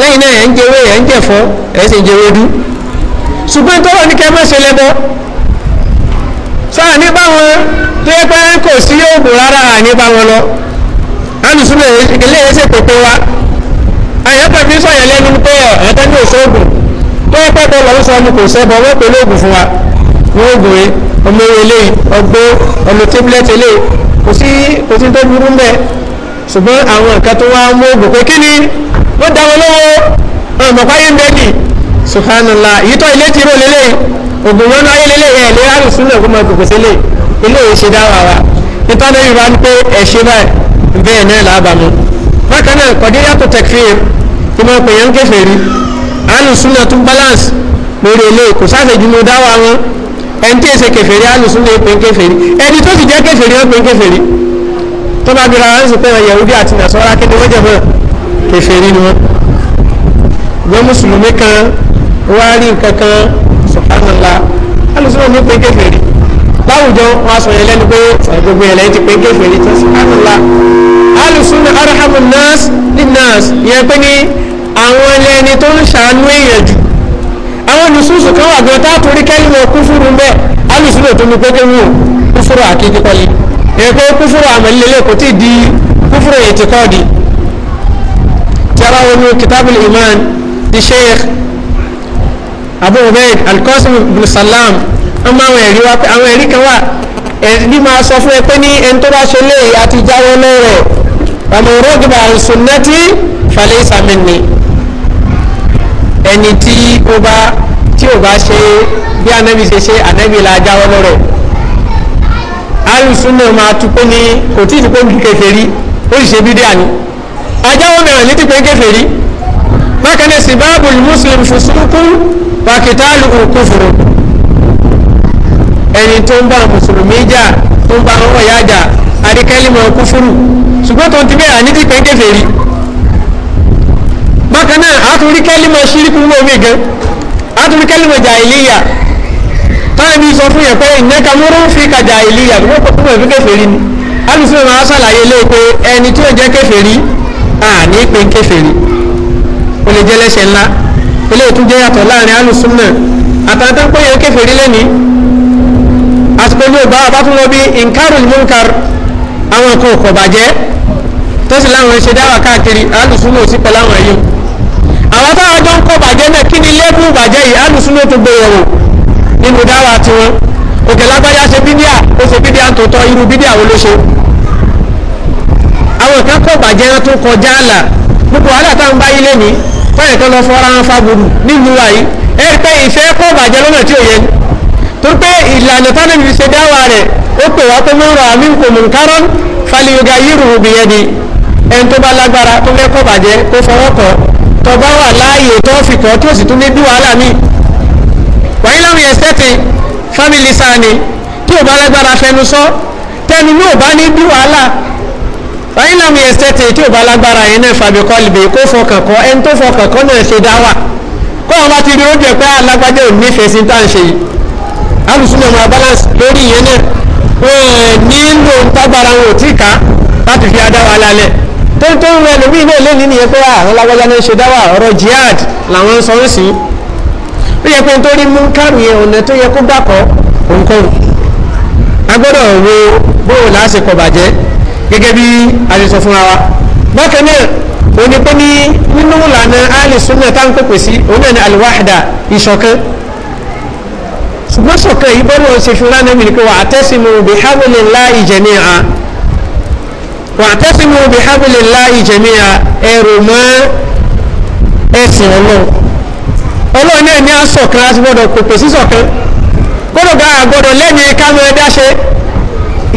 lẹ́yìn náà ẹ̀ ń jẹ ewé ẹ̀ ń jẹ fọ́ ẹ̀ sì ń jẹ ewé dú ṣùgbọ́n tọ́lọ́ ní kẹ́ má ṣe sáà ní báwọn tó yẹ pé kò sí yóò rárá ní báwọn lọ àyàn kan fi sọ̀yàn lẹ́nu pé ẹ̀ tẹ́ ní òṣoògùn tó yẹ pẹ́pẹ́ lọ́wọ́ sọ ni kò sẹ́bọ wọ́n pè lóògùn fún wa wọ́n oògùn rẹ̀ ọmọ ewé eléyìí ọgbó ọmọ tíbulẹ́tì eléyìí kò sí kò sí tó burú mbẹ́ ṣùgbọ́n àwọn nǹkan tó wá mú oògùn pé kí ni wọ́n dá wọn lọ́wọ́ ọmọ páyé ń bẹ́ nì sùhánàlá èyí tó ilé tìró lélẹ̀ oògùn wọn ayé lélẹ̀ ẹ̀ lé àrùsùn náà kó máa gbòkó sílẹ̀ ilé ìṣe dáwà wa nítorí wọn pé ẹ̀ ṣe báyìí bẹ́ẹ̀ náà lábàámu bákan náà kọ̀dé yàtọ̀ tẹ̀kfíìr tí wọ́n pè yẹn ń kèfèrí alùsùnà tún balance lórí ilé kò sáfẹ̀jú ló dáwà wọn ẹni tí èsè kèfèrí alùsùnà pè ń kèfèrí ẹni tó sì jẹ́ kèfèrí wọn pè ń kèfèrí tó bá gbéra wọn sì pé wọn yẹwúdí àti nàṣọ́ra kéde wọ́n jẹ́ fún kèfèrí ni wọn. ìwé mùsùlùmí kan wá rí nǹkan kan sọ̀kánà la alùsùnà ló pè ń kèfèrí láwùjọ wọn a sọ yẹn lẹ́nu pé gbogbo yẹn lẹ́yìn ti pé kéfèrè tó sì kánú la alùsùnà arahamu nas ní nas yẹn pé ní àwọn ẹlẹ́ni tó ń ṣàánú èèyàn jù àwọn nùsùsù kan wà gan táàtò rí kẹ́lí wọn kú fúru bẹ́ẹ̀ alùsùnà tó ní pété wù kú fúru àkíkí kọ́lé yẹn pé kú fúru àmàlélẹ́ kò tí ì di kú fúru èyí ti kọ́ di tí a kitabul iman ti sheikh abu ubaid alqasim ibn salam ọmọ àwọn ẹ̀rí wa pé àwọn ẹ̀rí kan wà ẹ̀rí máa sọ fún ẹ pé ní ẹni tó bá ṣe léyìí àti jáwọ́ lọ́rọ̀ ọmọ rọ́gbà sunnati falaysa minni ẹni tí ó bá tí ò bá ṣe bí anabi ṣe ṣe anabi la jáwọ́ lọ́rọ̀ alùsùn máa tu pé ní kò tí ì ti pé ní kèfèrí ó sì ṣe bídíà ni ajáwọ́ mẹ́rin ní ti pé kèfèrí bákan náà sì báàbù muslim fusukun wa qitaluhu kufrun ẹni tó ń bá mùsùlùmí jà tó ń bá wọn yá jà àdékẹ́lìmọ̀ kúfúrú ṣùgbọ́n tó ti bẹ́ẹ̀ àní ti pẹ́ kèfèrí bákan náà àtúrí kẹ́lìmọ̀ ṣíríkù mọ́mí gan àtúrí kẹ́lìmọ̀ jàìlíyà táàbí sọ fún yẹn pé ìnẹ́ka mọ́rọ́ fi ka jàìlíyà tó kọ́ fún ẹ̀fí kèfèrí ni alùsùn máa ṣàlàyé lé pé ẹni tí ó jẹ́ kèfèrí àní pé kèfèrí ó lè jẹ́ lẹ́sẹ̀ ńlá ilé ìtújẹ́ yàtọ̀ láàrin alùsùn náà àtàtà pé yẹn kèfèrí lẹ́ni àsìkò ní ọba abátúnwó bí nkárùn múnkàr àwọn kan kò bàjẹ́ tó sì láwọn ṣe dáwà káàkiri alùsùnú sí pẹ̀lú àwọn yìí àwọn táwọn jọ ń kọ bàjẹ́ náà kí ni lébù bàjẹ́ yìí alùsùnú tó gbéyẹ̀wò nínú dáwà tiwọn òkè lágbájá ṣe bídíà ó ṣe bídíà tó tọ irú bídíà wo ló ṣe àwọn kan kọ bàjẹ́ náà tó kọjá àlà gbogbo wàhálà táwọn bá yí lé fẹ́ẹ̀kan lọ fọ́ra wọn fagbùrù nílùú wa yìí ẹ̀rí ìfẹ́ kọ bàjẹ́ lọ́nà tí ò yẹ torípé ìlànà tánàbí fi ṣe dáwà rẹ̀ ó pè wá pé mọ́rọ̀ àmì kò mú kárọ́n fàlìyọ̀gà yìrù bìyẹ́ni ẹni tó bá lágbára tó fẹ́ kọ́ bàjẹ́ kó fọwọ́ kọ́ tó bá wà láàyè tó fi kọ́ tó sì tún lé bí wàhálà mi wàyí láwọn yẹn sẹ́tì fámìlì sáni tí ò bá lágbára fẹnu sọ tẹnu ní ò bá ní bí wàhálà wàyí láwọn yẹn sẹ́tì tí ò bá lágbára yẹn náà fàbí kọ́lìbì kó fọkàn kọ́ ẹni tó fọkàn náà ṣe dáwà kọ́ ọ bá ti rí oúnjẹ pé alágbájá ò nífẹ̀ẹ́ sí tá ń ṣe yìí alùsùnà máa balance lórí ìyẹn náà wọn nílò tágbára wọn ò tí ká láti fi adáwa lálẹ́ tó tó ń rẹnu bí ilé ìlẹ́ni nìyẹn pé àwọn lágbájá náà ṣe dáwà ọ̀rọ̀ jihad làwọn ń sọ ń sìn ó yẹ pé nítorí mú kárù yẹn ọ̀nà tó yẹ kó gbàkọ́ òǹkọ́rù a gbọ́dọ̀ wo bóòlù lásìkò bàjẹ́ gẹ́gẹ́ bí a ti wa bákan náà òní pé ní nínú ìlànà alìsúnà táwọn pèpè sí òun náà ní alìwáhìdà ìṣọ̀kan ṣùgbọ́n sọ̀kan yìí bọ́lú ọ̀sẹ̀ fúnra náà mìíràn pé wà á tẹ́sí mu bí hábìlì ńlá ìjẹ̀mí à wà á tẹ́sí mu bí hábìlì ńlá ìjẹ̀mí à ẹ̀rù mọ́ ẹ̀sìn ọlọ́run ọlọ́run náà ní àsọ̀kan láti gbọ́dọ̀ kò pè sí sọ̀kan gbọ́dọ̀ gba àgbọ̀dọ̀ lẹ́yìn kámọ́ ẹ dáṣe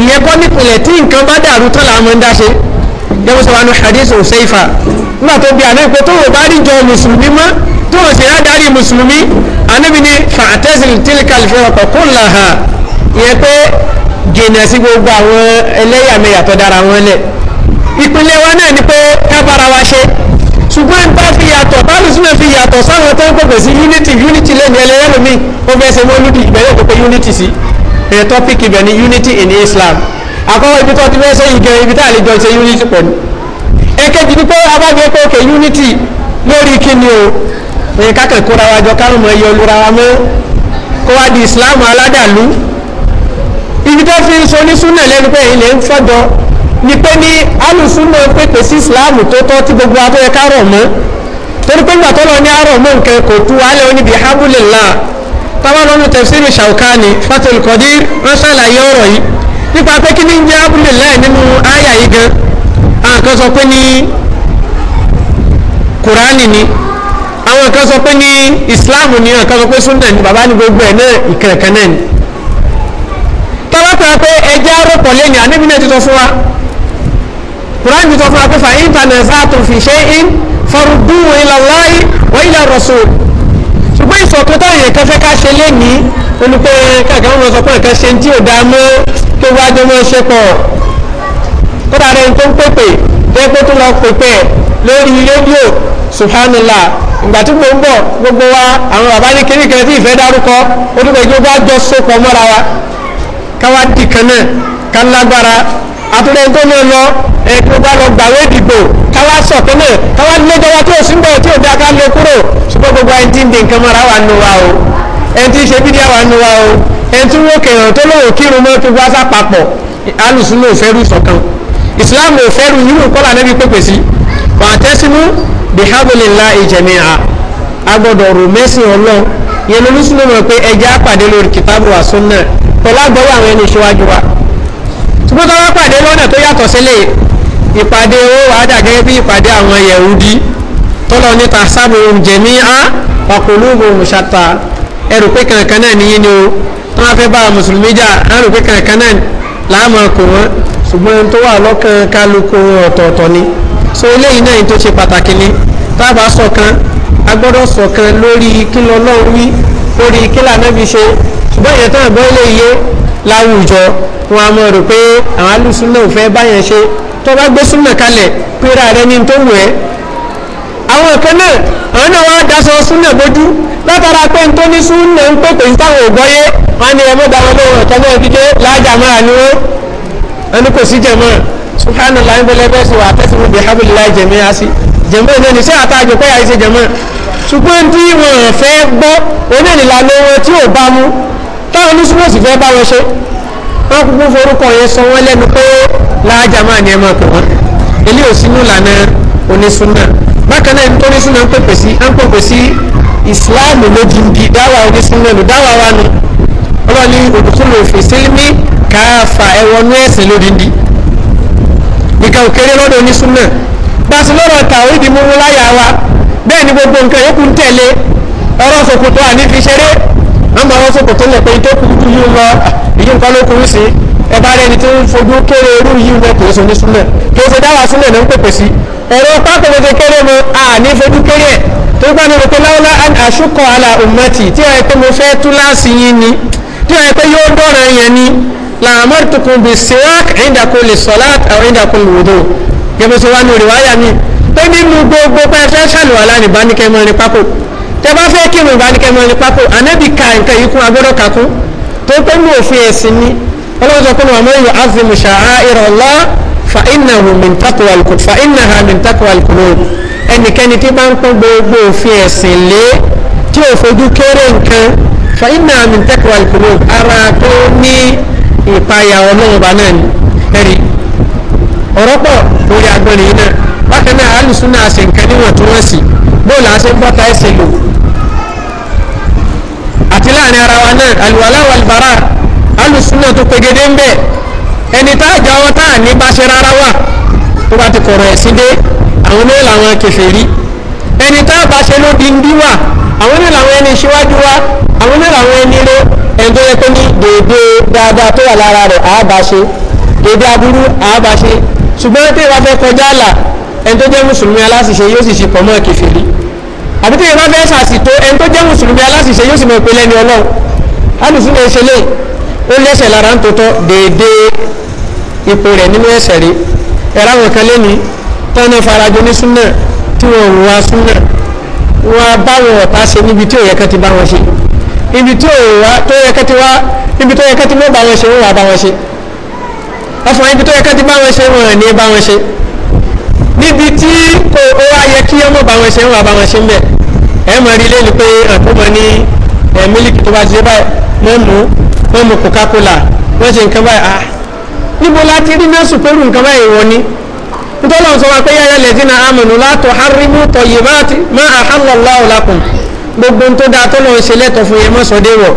ìyẹn kọ́ nípìnlẹ̀ tí nǹkan bá dàrú tán làwọn ń dáṣe gẹ́gẹ́ sọ wa ní hadith òsèfà nígbà tó bí àná ìpè tó wò bá rí jọ mùsùlùmí mọ́ tó o sì rá darí mùsùlùmí anábì ní fàtẹ́sìlì tílíkàlì fẹ́rọ̀kọ̀ kó là ha ìyẹn pé jìnnà sí gbogbo àwọn ẹlẹ́yàmẹ̀yà tó dára wọn lẹ̀ ìpínlẹ̀ wa náà ni pé kábàárà wa ṣe ṣùgbọ́n bá fi yàtọ̀ bálùsùnà fi yàtọ̀ sáwọn tó ń pèpè sí unity unity lẹ́nu ẹlẹ́yàmẹ̀mí ó fẹ́ ṣe mọ́lúdì ìbẹ̀rẹ̀ pèpè unity sí ẹ̀ tọ́pìkì ibẹ̀ ni unity in Islam àkọ́kọ́ ibi tó ti fẹ́ ṣe ìgẹ̀ ibi tá àlejò ṣe unity pẹ̀lú ẹ̀kejì ni pé abájọ́ pé òkè unity lórí kíni o oye kákẹ́ kóra wa jọ kárùn mọ́ ẹyẹ olúra wa mọ́ kó wá di ìsìláàmù aládàlú ibi tó fi so ní súnà lẹ́nu pé èyí lè ń fọ́jọ ni pé ní alùsúnà pèpè sí ìsìláàmù tó tọ́ tí gbogbo atọ́yẹ kárọ̀ mọ́ torí pé gbàtọ́ lọ ní àárọ̀ mọ́ nǹkan kò tú alẹ́ oní bíi hábùlélà táwọn lọ́nu tafsir Shawkani Fathul Qadir wọ́n ṣàlàyé ọ̀rọ̀ yìí nípa pé kí ní ń jẹ́ hábùlélà nínú áyà yìí gan àǹkan sọ pé ní kùránì ni àwọn kan sọ pé ní islam ni àwọn kan sọ pé sunna ni bàbá ní gbogbo ẹ̀ náà ìkẹ̀kẹ̀ náà ni tọ́lọ́pàá pé ẹjẹ́ arọ́pọ̀ lẹ́yìn àníbi náà ti sọ fún wa quran ti sọ fún wa pé fa intanaza'tum fi shay'in farudduhu ila Allahi wa ila rasul ṣùgbọ́n ìsọ̀tún táwọn èèyàn kan fẹ́ ká ṣe lẹ́nìí olùpẹ́ kàkẹ́ wọn sọ pé nǹkan ṣe tí ò dáa mọ́ tó wájú mọ́ ṣe pọ̀ kódà rẹ̀ ń tó ń pèpè jẹ́ pé tó lọ pèpè lórí rédíò subhanallah ìgbà tí gbogbo bọ̀ gbogbo wa àwọn bàbá ní kíní kan tí ìfẹ́ dárúkọ ó dúpẹ́ kí ó bá jọ sopọ̀ mọ́ra wa káwá di kan náà ká lágbára àtúndẹ̀ tó náà lọ ẹ̀ẹ́dì bá lọ gbàwé ìdìbò káwá sọ̀tọ́ náà káwá lẹ́jọ́ wa tí ò sí gbọ́ tí ò dá ká lè kúrò ṣùgbọ́n gbogbo ẹni tí ń di nǹkan mọ́ra wà nù wa o ẹni tí ń ṣe bídíà wà nù wa o ẹni tí wọ́n kẹ̀yàn tó lóun kírun mọ́ fi wá sápapọ̀ alùsùn náà ò fẹ́rù ìṣọ̀kan ìsìláàmù ò fẹ́rù yìí kọ́là nẹ́bí pépè sí wà á tẹ́sí mú bihabulillahi jami'a agbọ́dọ̀ rò mẹ́sìn ọlọ́run yẹn ló lùsùn mọ̀ pé ẹja pàdé lórí kìtàbù wa sunna pẹ̀lú àgbọ̀wọ́ àwọn ẹni ìṣíwájú wa ṣùgbọ́n tó wá pàdé lọ́nà tó yàtọ̀ sílẹ̀ ìpàdé owó wàhádà gẹ́gẹ́ bí ìpàdé àwọn yẹ̀wúdí tọ́lọ níta sábò jami'a ọkùnlùmù mùsàtà ẹrù pé kankan náà níyí ni o tó máa fẹ́ bá mùsùlùmí jà ẹrù pé kankan náà láàmú ọkùnrin ṣùgbọ́n tó wà lọ́kàn kálukú ọ̀tọ̀ọ̀tọ̀ ni so eléyìí náà tó ṣe pàtàkì ni tábà sọ̀kan a gbọ́dọ̀ sọ̀kan lórí kí lọ́lọ́run wí lórí kí lànàbí ṣe ṣùgbọ́n ìyẹn tán àgbọ́ ilé iye láwùjọ wọn a mọ̀ rò pé àwọn alùsùn náà fẹ́ báyẹn ṣe tó bá gbé súnmọ̀ kalẹ̀ péra rẹ ní tó wù ẹ́ àwọn kan náà àwọn náà wá daṣọ súnmọ̀ bójú látara pé n tó ní súnmọ̀ ń pèpè ń táwọn ògbọ́yé wọn ni ẹ mọ́ dáwọn lóhùn ọ̀tọ́ náà fi dé láàjà máa ni ó ẹni kò sí jẹ̀mọ́ subhanallah ń bẹ̀lẹ̀ bẹ́ẹ̀ sí wà tẹ́sìmù bí hábìlá jẹ̀mí á sí jẹ̀mí ní ní sí àtàjọ pé àìsí jẹ̀mí ṣùgbọ́n tí wọ́n fẹ́ gbọ́ onílìlà lówó tí ò bá mú táwọn oníṣúwòsì fẹ́ bá wọn ṣe wọ́n kúkú forúkọ yẹn sọ wọ́n lẹ́nu pé láàjà máa ní ẹ máa pè wọ́n ilé òsínú lànà onísúnà bákan náà nítorí súnà ń pèpè sí ń pèpè sí ìsìláàmù lójú bí dáwà onísúnà lò dáwà wa nù ọlọ́ọ̀ni òkùnkùn lòfin sílmi káàfà ẹ̀wọ̀nú ẹ̀sìn lódìndín nǹkan òkèrè lọ́dọ̀ onísúnà barcelona tàwọn ìdí mímú láyà wa bẹ́ẹ̀ ni gbogbo nǹkan yòókù ń tẹ̀lé ọ̀rọ̀ ṣòkòtò àní fi ṣeré àmọ́ ọ̀rọ̀ ṣòkòtò lè pe tó kúrú yìí lọ èyí nǹkan ló kúrú sí ẹ bá rẹni tó ń fojú kéré irú yìí wọ kò sọ ní súnà kò sọ dáwà súnà ní ń pèpè sí ọ̀rọ̀ pápẹ́ mo ti kéré mu àní fojú kéré ẹ̀ tó gbá mi rò pé láwọlá àṣùkọ àlà ummati tí ẹ pé mo fẹ́ túláàsì yín ni tí ẹ pé yóò dọ̀rọ̀ yẹn ni làmọ́tòkùn bí siwak ìdàkùn lè sọ́láàt àwọn ìdàkùn lòdò gẹ́gẹ́ sí wá ní òrìwáyà mi pé nínú gbogbo pẹ́ẹ́fẹ́ ṣàlùwàlá ní ìbánikẹ́mọ́ ní pápò tẹ bá fẹ́ kírun ìbánikẹ́mọ́ ní pápò anábì ka nǹkan yìí kún agbọ́dọ̀ kakún tó pé ní òfin ẹ̀sìn ni ọlọ́run sọ pé ní wàmọ́ yóò azimu sha'airallah fa innahu min taqwal qulub fa innaha min taqwal qulub ẹnikẹ́ni tí bá ń pọ́n gbogbo òfin ẹ̀sìn lé tí ò fojú kéré nǹkan fa innaha min taqwal qulub ara tó ní ìpayà ọlọ́run bá náà ni ẹ̀rí ọ̀rọ̀ pọ̀ lórí agbọ́nrin yìí náà bákan náà alùsùn náà ṣe nǹkan níwọ̀ntúnwọ̀nsì bóòlù àṣẹ ń bọ́ta ẹsẹ̀ lò àti láàrin ara wa náà àlùwàlá wàlùbárà alùsùn náà tó pegedé ń bẹ̀ ẹni tá a jà wọn tá a ní bá ṣe rárá wà tó bá ti kọ̀rọ̀ ẹ̀sìn dé àwọn ní làwọn kèfèrí ẹni tá a bá ṣe ń bí wà àwọn ní làwọn ẹni ìṣíwájú wa àwọn ní làwọn ẹni ló ẹni tó yẹ pé ní dèédé dáadáa tó wà lára rẹ̀ àábà ṣe dèédé aburú àábà ṣe ṣùgbọ́n tí ìwà fẹ́ kọjá àlà ẹni tó jẹ́ mùsùlùmí aláṣìṣe yóò sì ṣe pọ̀ mọ́ kèfèrí àbí tí ìwà fẹ́ ṣàṣìtò ẹni tó jẹ́ mùsùlùmí aláṣìṣe yóò sì mọ̀ pé lẹ́ni ọlọ́run alùsùn lè ṣe lé ó lẹ́sẹ̀ lára ń tòótọ́ dèédé ipò rẹ̀ nínú ẹ̀sẹ̀ rí ẹ̀rọ àwọn kan lẹ́ni tọ́ni farajọ ní súnà tí wọ́n wá súnà wọ́n báwọn ọ̀tá ṣe níbi tí òyẹ́kan ti bá wọn ṣe ibi tí ò wá tó yẹ kẹ́tí wá ibi tó yẹ kẹ́tí mọ́ bá wọn ṣe wọ́n wà bá wọn ṣe ọfọ ibi tó yẹ kẹ́tí bá wọn ṣe wọ́n rẹ̀ ní bá wọn ṣe níbi tí kò ó wá yẹ kí ọmọ bá wọn ṣe wọ́n wà bá wọn ṣe ń bẹ̀ ẹ mọ̀ rí lẹ́nu pé àtúmọ̀ ní ẹ̀ mílíkì tó bá ṣe báyìí wọ́n mú wọ́n mú coca cola wọ́n ṣe nǹkan báyìí ah níbo láti rí nẹ́sù pẹ̀lú nǹkan báyìí wọ́n nítorí àwọn sọ wá pé yáyà lẹ́sìn náà àmọ̀nù látọ̀ harimu tọ̀yẹ̀ máa àhálọ̀ láwùlákùn gbogbo tó dáa tó lọ́wọ́ ṣe lẹ́tọ̀ fún yẹn mọ́sọ̀dẹ́wọ̀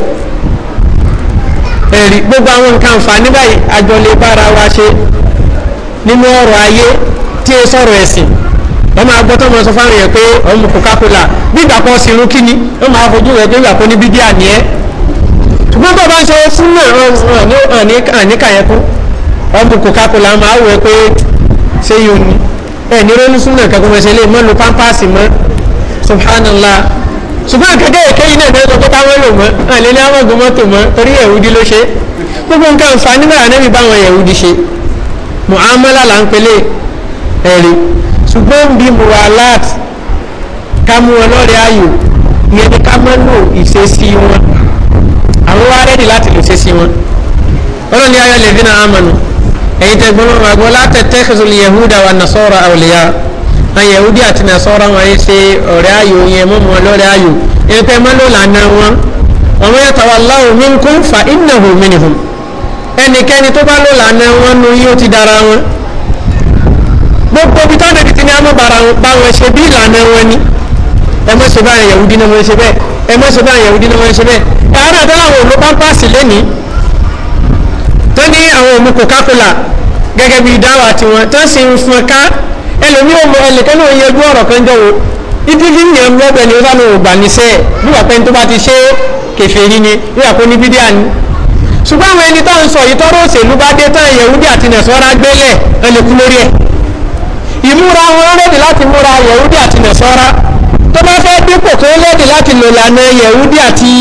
ẹ̀rí gbogbo àwọn nǹkan fà nígbà àjọlẹ̀ bára wa ṣe nínú ọ̀rọ̀ ayé tí ó sọ̀rọ̀ ẹ̀sìn wọ́n máa gbọ́ tó máa sọ fáwọn yẹn pé ọmọ coca-cola bígbà kan sì rú kíni wọ́n máa fojú rẹ̀ dégbà kan ní bíbí àní ẹ́ ṣùgbọ́n tó bá ń ṣe fún náà àníkà yẹn kú ọmọ coca-cola ṣùgbọ́n àkàdé èké yìí náà ní ọjọ́ pátá wọ́n lò mọ́ àlẹ́ ní amọ̀gùn mọ́tò mọ́ torí yẹ̀wùdí ló ṣe gbogbo nǹkan ọ̀fà nígbà ànábì báwọn yẹ̀wùdí ṣe muhammadu là ń pelé ẹ̀rí ṣùgbọ́n bí muhalat ká mú wọn lọ́rẹ̀ ayò ìyẹn ni ká mọ́ lò ìṣesí wọn àwọn wá rẹ́dì láti lò ìṣesí wọn ọlọ́run ní ayọ̀ lè dín náà àmọ̀nù ẹ̀yin tẹ́gbọ́n wọn àgbọ̀ látẹ̀tẹ́ àwọn yahudi àti nasọ́ra wọn yìí ṣe ọ̀rẹ́ ayò yẹn mọ́ wọn lọ́rẹ́ ayò ẹ̀pẹ́ mọ́ ló lànà wọn ọmọ yàtọ̀ wà láwù mí ń kún fa innahu minhum ẹnikẹ́ni tó bá ló lànà wọn nu yóò ti dára wọn gbogbo bí tọ́nà ti ní àmọ́ bá wọn ṣe bí ìlànà wọn ni ẹ mọ́ ṣe báyìí yahudi náà wọ́n ṣe bẹ́ẹ̀ ẹ mọ́ ṣe báyìí yahudi náà wọ́n ṣe bẹ́ẹ̀ ẹ̀rọ àtàwọn òmù pampasì lẹ́ni ẹlòmí ò mọ ẹnìkan náà yẹjú ọ̀rọ̀ kan jọ wo ibi fi ń yàn lọ́gbẹ̀ẹ́ ni ó sánú ògbà níṣẹ́ nígbà pé tó bá ti ṣe kèfèrí ni nígbà kó ní bídíà ni ṣùgbọ́n àwọn ẹni tó ń sọ yìí tọ́rọ òṣèlú bá dé tán yẹ̀wúdí àti nẹ̀sọ́ra gbélẹ̀ ẹnìkú lórí ẹ̀ ìmúra wọn lẹ́dì láti múra yẹ̀wúdí àti nẹ̀sọ́ra tó bá fẹ́ dípò tó lẹ́dì láti lò lànà yẹ̀wúdí àti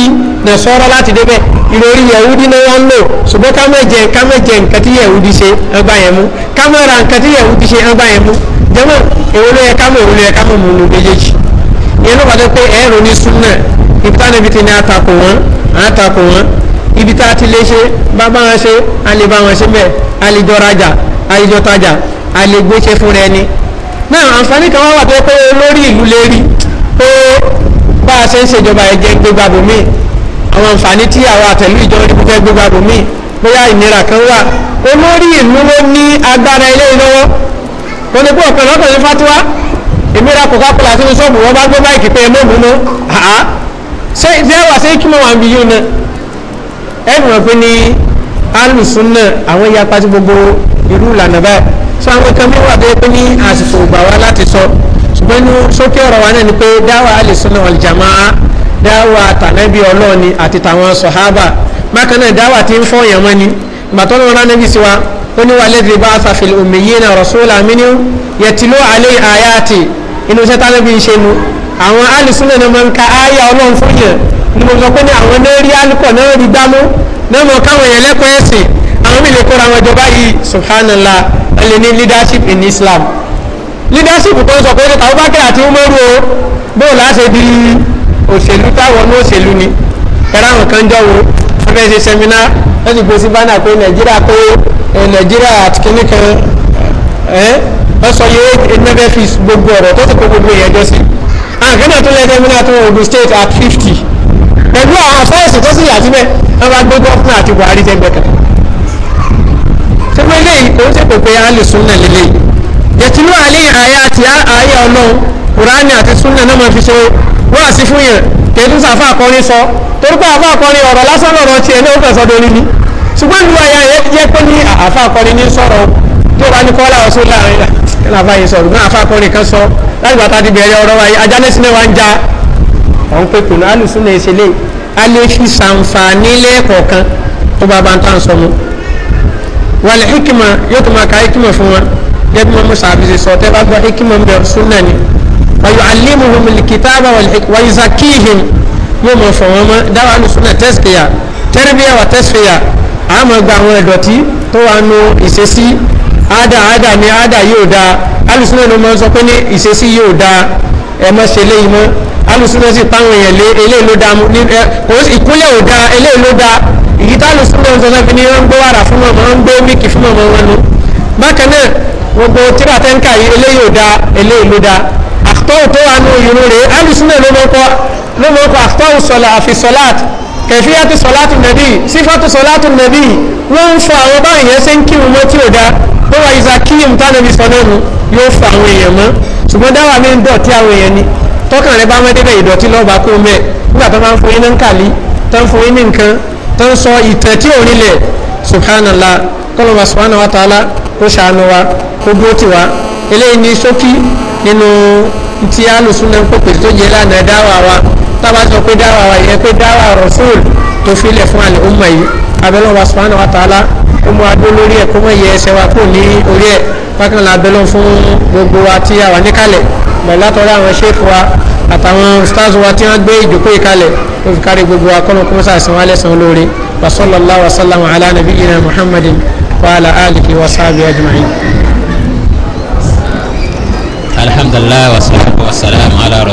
nẹ̀sọ́ra láti débẹ̀ ìròrí yẹ̀wúdí ni wọ́n ń lò ṣùgbọ́n ká mẹ́jẹ ká mẹ́jẹ nǹkan tí yẹ̀wúdí ṣe ẹgbà yẹn mú ká mẹ́ra nǹkan tí yẹ̀wúdí ṣe ẹgbà yẹn mú jẹ́mọ̀ èwo ló yẹ kámọ̀ èwo ló yẹ kámọ̀ mú un méjèèjì ìyẹn ló pàdé pé ẹ̀rọ ní súnà ibi táwọn ibi tí ní àtakò wọn àtakò wọn ibi tá a ti lè ṣe bá bá wọn ṣe a lè bá wọn ṣe bẹ́ẹ̀ a lè jọ rajà a lè jọ tajà a lè gbéṣẹ́ náà àǹfààní kan wá wà tó pé olórí ìlú lè rí pé bá a ṣe ń ṣèjọba ẹ̀jẹ̀ gbégbá bòmí àwọn àǹfààní tí àwọn àtẹ̀lú ìjọba ìdìbò fẹ́ gbégbá bòmí bóyá ìnira kan wà olórí ìlú ló ní agbára ilé ìlọ́wọ́ ó ní pé ọ̀pẹ̀ lọ́tọ̀ ní fatiwa ìmíra coca cola sínú sọ́ọ̀bù wọn bá gbé báyìí pé ẹmọ́ mímú ṣé ìdíyàwó àṣẹ kí mo wà ń bí yóò náà ẹnu wọn fi ní alùsùn náà àwọn ìyá pàṣẹ gbogbo irú ìlànà báyìí sọ àwọn kan bí wà bẹ́ẹ̀ pé ní àsìkò gbà wá láti sọ ṣùgbọ́n ní sókè ọ̀rọ̀ wa náà ni pé dáwà alùsùn náà ọ̀lìjàmá dáwà tànẹ́bí ọlọ́ọ̀ni àti tàwọn sọ̀hábà bákan ó ní walladhi ba'atha fil ummiyina rasulan minhum yatlu alayhi ayati inú sẹ́tà níbi ìṣe mu àwọn alùsùnà náà máa ń ka àyà ọlọ́run fún yẹn ní mo sọ pé ní àwọn náà rí alùpọ̀ náà rí gbámú náà mọ̀ káwọn èèyàn lẹ́kọ̀ọ́ ẹ̀sìn àwọn mi lè kóra wọn jọba yìí subhanallah ẹ lè ní leadership in Islam leadership tó ń sọ pé káwọn bá kẹ́rẹ́ àti umaru o bóò láṣẹ di òṣèlú táwọn ní òṣèlú ni ẹ̀rọ àwọn kan jọ wo wọ́n fẹ́ ṣe sẹ́mínà wọ́n ti gbé sí bánà Eh, nàìjíríà àti kínní kan eh, wọ́n sọ yóò ẹgbẹ́ fi gbogbo ọ̀rọ̀ tó ti kó gbogbo ìyẹn jọ sí àǹkan ah, náà tó lẹ́gbẹ́ mi náà tó Ogun State at fifty pẹ̀lú àwọn afẹ́ẹ̀sì tó sì yà síbẹ̀ wọ́n bá gbé gọ́fúnà àti Buhari tẹ́gbẹ́ kan tẹ́gbẹ́ lè kó ṣe pé pé alẹ́ súnà lélẹ̀ yẹtulú alẹ́ àyà àti àyà ọlọ́run Kùránì àti súnà náà máa fi ṣe wọ́n àti fún yẹn kẹ́tùsà fún akọrin sọ torí pé àfọ akọrin ọ̀rọ̀ lásán lọ́rọ̀ tiẹ̀ ní ó fẹ̀ sọ́dọ̀ orí ni ṣùgbọ́n ìlú àyà yẹn ti jẹ́ pé ní àfa akọrin ní sọ̀rọ̀ tó bá ní kọ́lá ọ̀ṣun láàrin kílà àfa yìí sọ̀rọ̀ náà àfa akọrin kan sọ láti bàtà ti bẹ̀rẹ̀ ọ̀rọ̀ wáyé ajá ní sinimá ń ja ọ̀hún pé kùnà alùsùn lè ṣe lè alẹ́ fi ṣàǹfààní lẹ́ẹ̀kọ̀ọ̀kan tó bá bá ń tàn sọmọ wàlẹ̀ hikima yóò tó máa ka hikima fún wa gẹ́gẹ́ mọ́ musa àbísí sọ tẹ́ bá gbọ́ hikima bẹ̀ sunna ni wàyọ̀ alimuhum likitaba zakihim yóò mọ̀ fọ̀ wọn mọ́ alùsùn náà tẹ́síkìyà àmọ́ gba àwọn ẹ̀dọ̀tí tó wà nù ìṣesí ádà ádà ní ádà yóò da alùsùnà ló máa ń sọ pé ní ìṣesí yóò da ẹ mọ́ ṣe léyìí mọ́ alùsùnà sì páwọn èèyàn lé eléyìí ló da ìkúnlẹ̀ ò da eléyìí ló da ìyí tá alùsùnà ń sọ sọ fi ni wọ́n ń gbé wàrà fún ọmọ wọn gbé míkì fún ọmọ wọn nu bákan náà gbogbo tíra yìí eléyìí ò da eléyìí da àtọ́wò tó wà nù ìrú rèé alùsùnà ló mọ́ kọ́ àtọ́wò sọ̀lá àfi kẹfíyàtú sọlátù nàbí sífàtú sọlátù nàbí wọ́n ń fa àwọn báyìí yẹn ṣe ń kírun mọ́ tí ò dá bó wà ìzà kíyìm tánàbí sọlọ́nu yóò fa àwọn èèyàn mọ́ ṣùgbọ́n dáwà mi ń dọ̀tí àwọn èèyàn ni tọkàn rẹ bá wọn débẹ̀ ìdọ̀tí lọ́ọ̀bà kó mẹ́ nígbà tó máa ń fún yín ní kàlí tó ń fún yín ní nǹkan tó ń sọ ìtàn tí ò nílẹ̀ subhanallah kọlọmọ wa tábà sọ pé dáwà wa yẹn pé dáwà rasul tó filẹ̀ fún àlẹ́ ọmọ yìí abẹ́lẹ́ wa subhanahu wa ta'ala kó mú adó lórí ẹ̀ kó mọ̀ yẹ ẹsẹ̀ wa kó ní orí ẹ̀ bákan la abẹ́lẹ́ fún gbogbo wa tí a wà níkàlẹ̀ bẹ̀rẹ̀ látọ̀rọ̀ àwọn ṣéèfù wa àtàwọn stars wa tí wọ́n gbé ìjókòó ìkàlẹ̀ tó fi kárí gbogbo wa kọ́nà kó mọ́sá àsìnwá lẹ́sàn lóore wa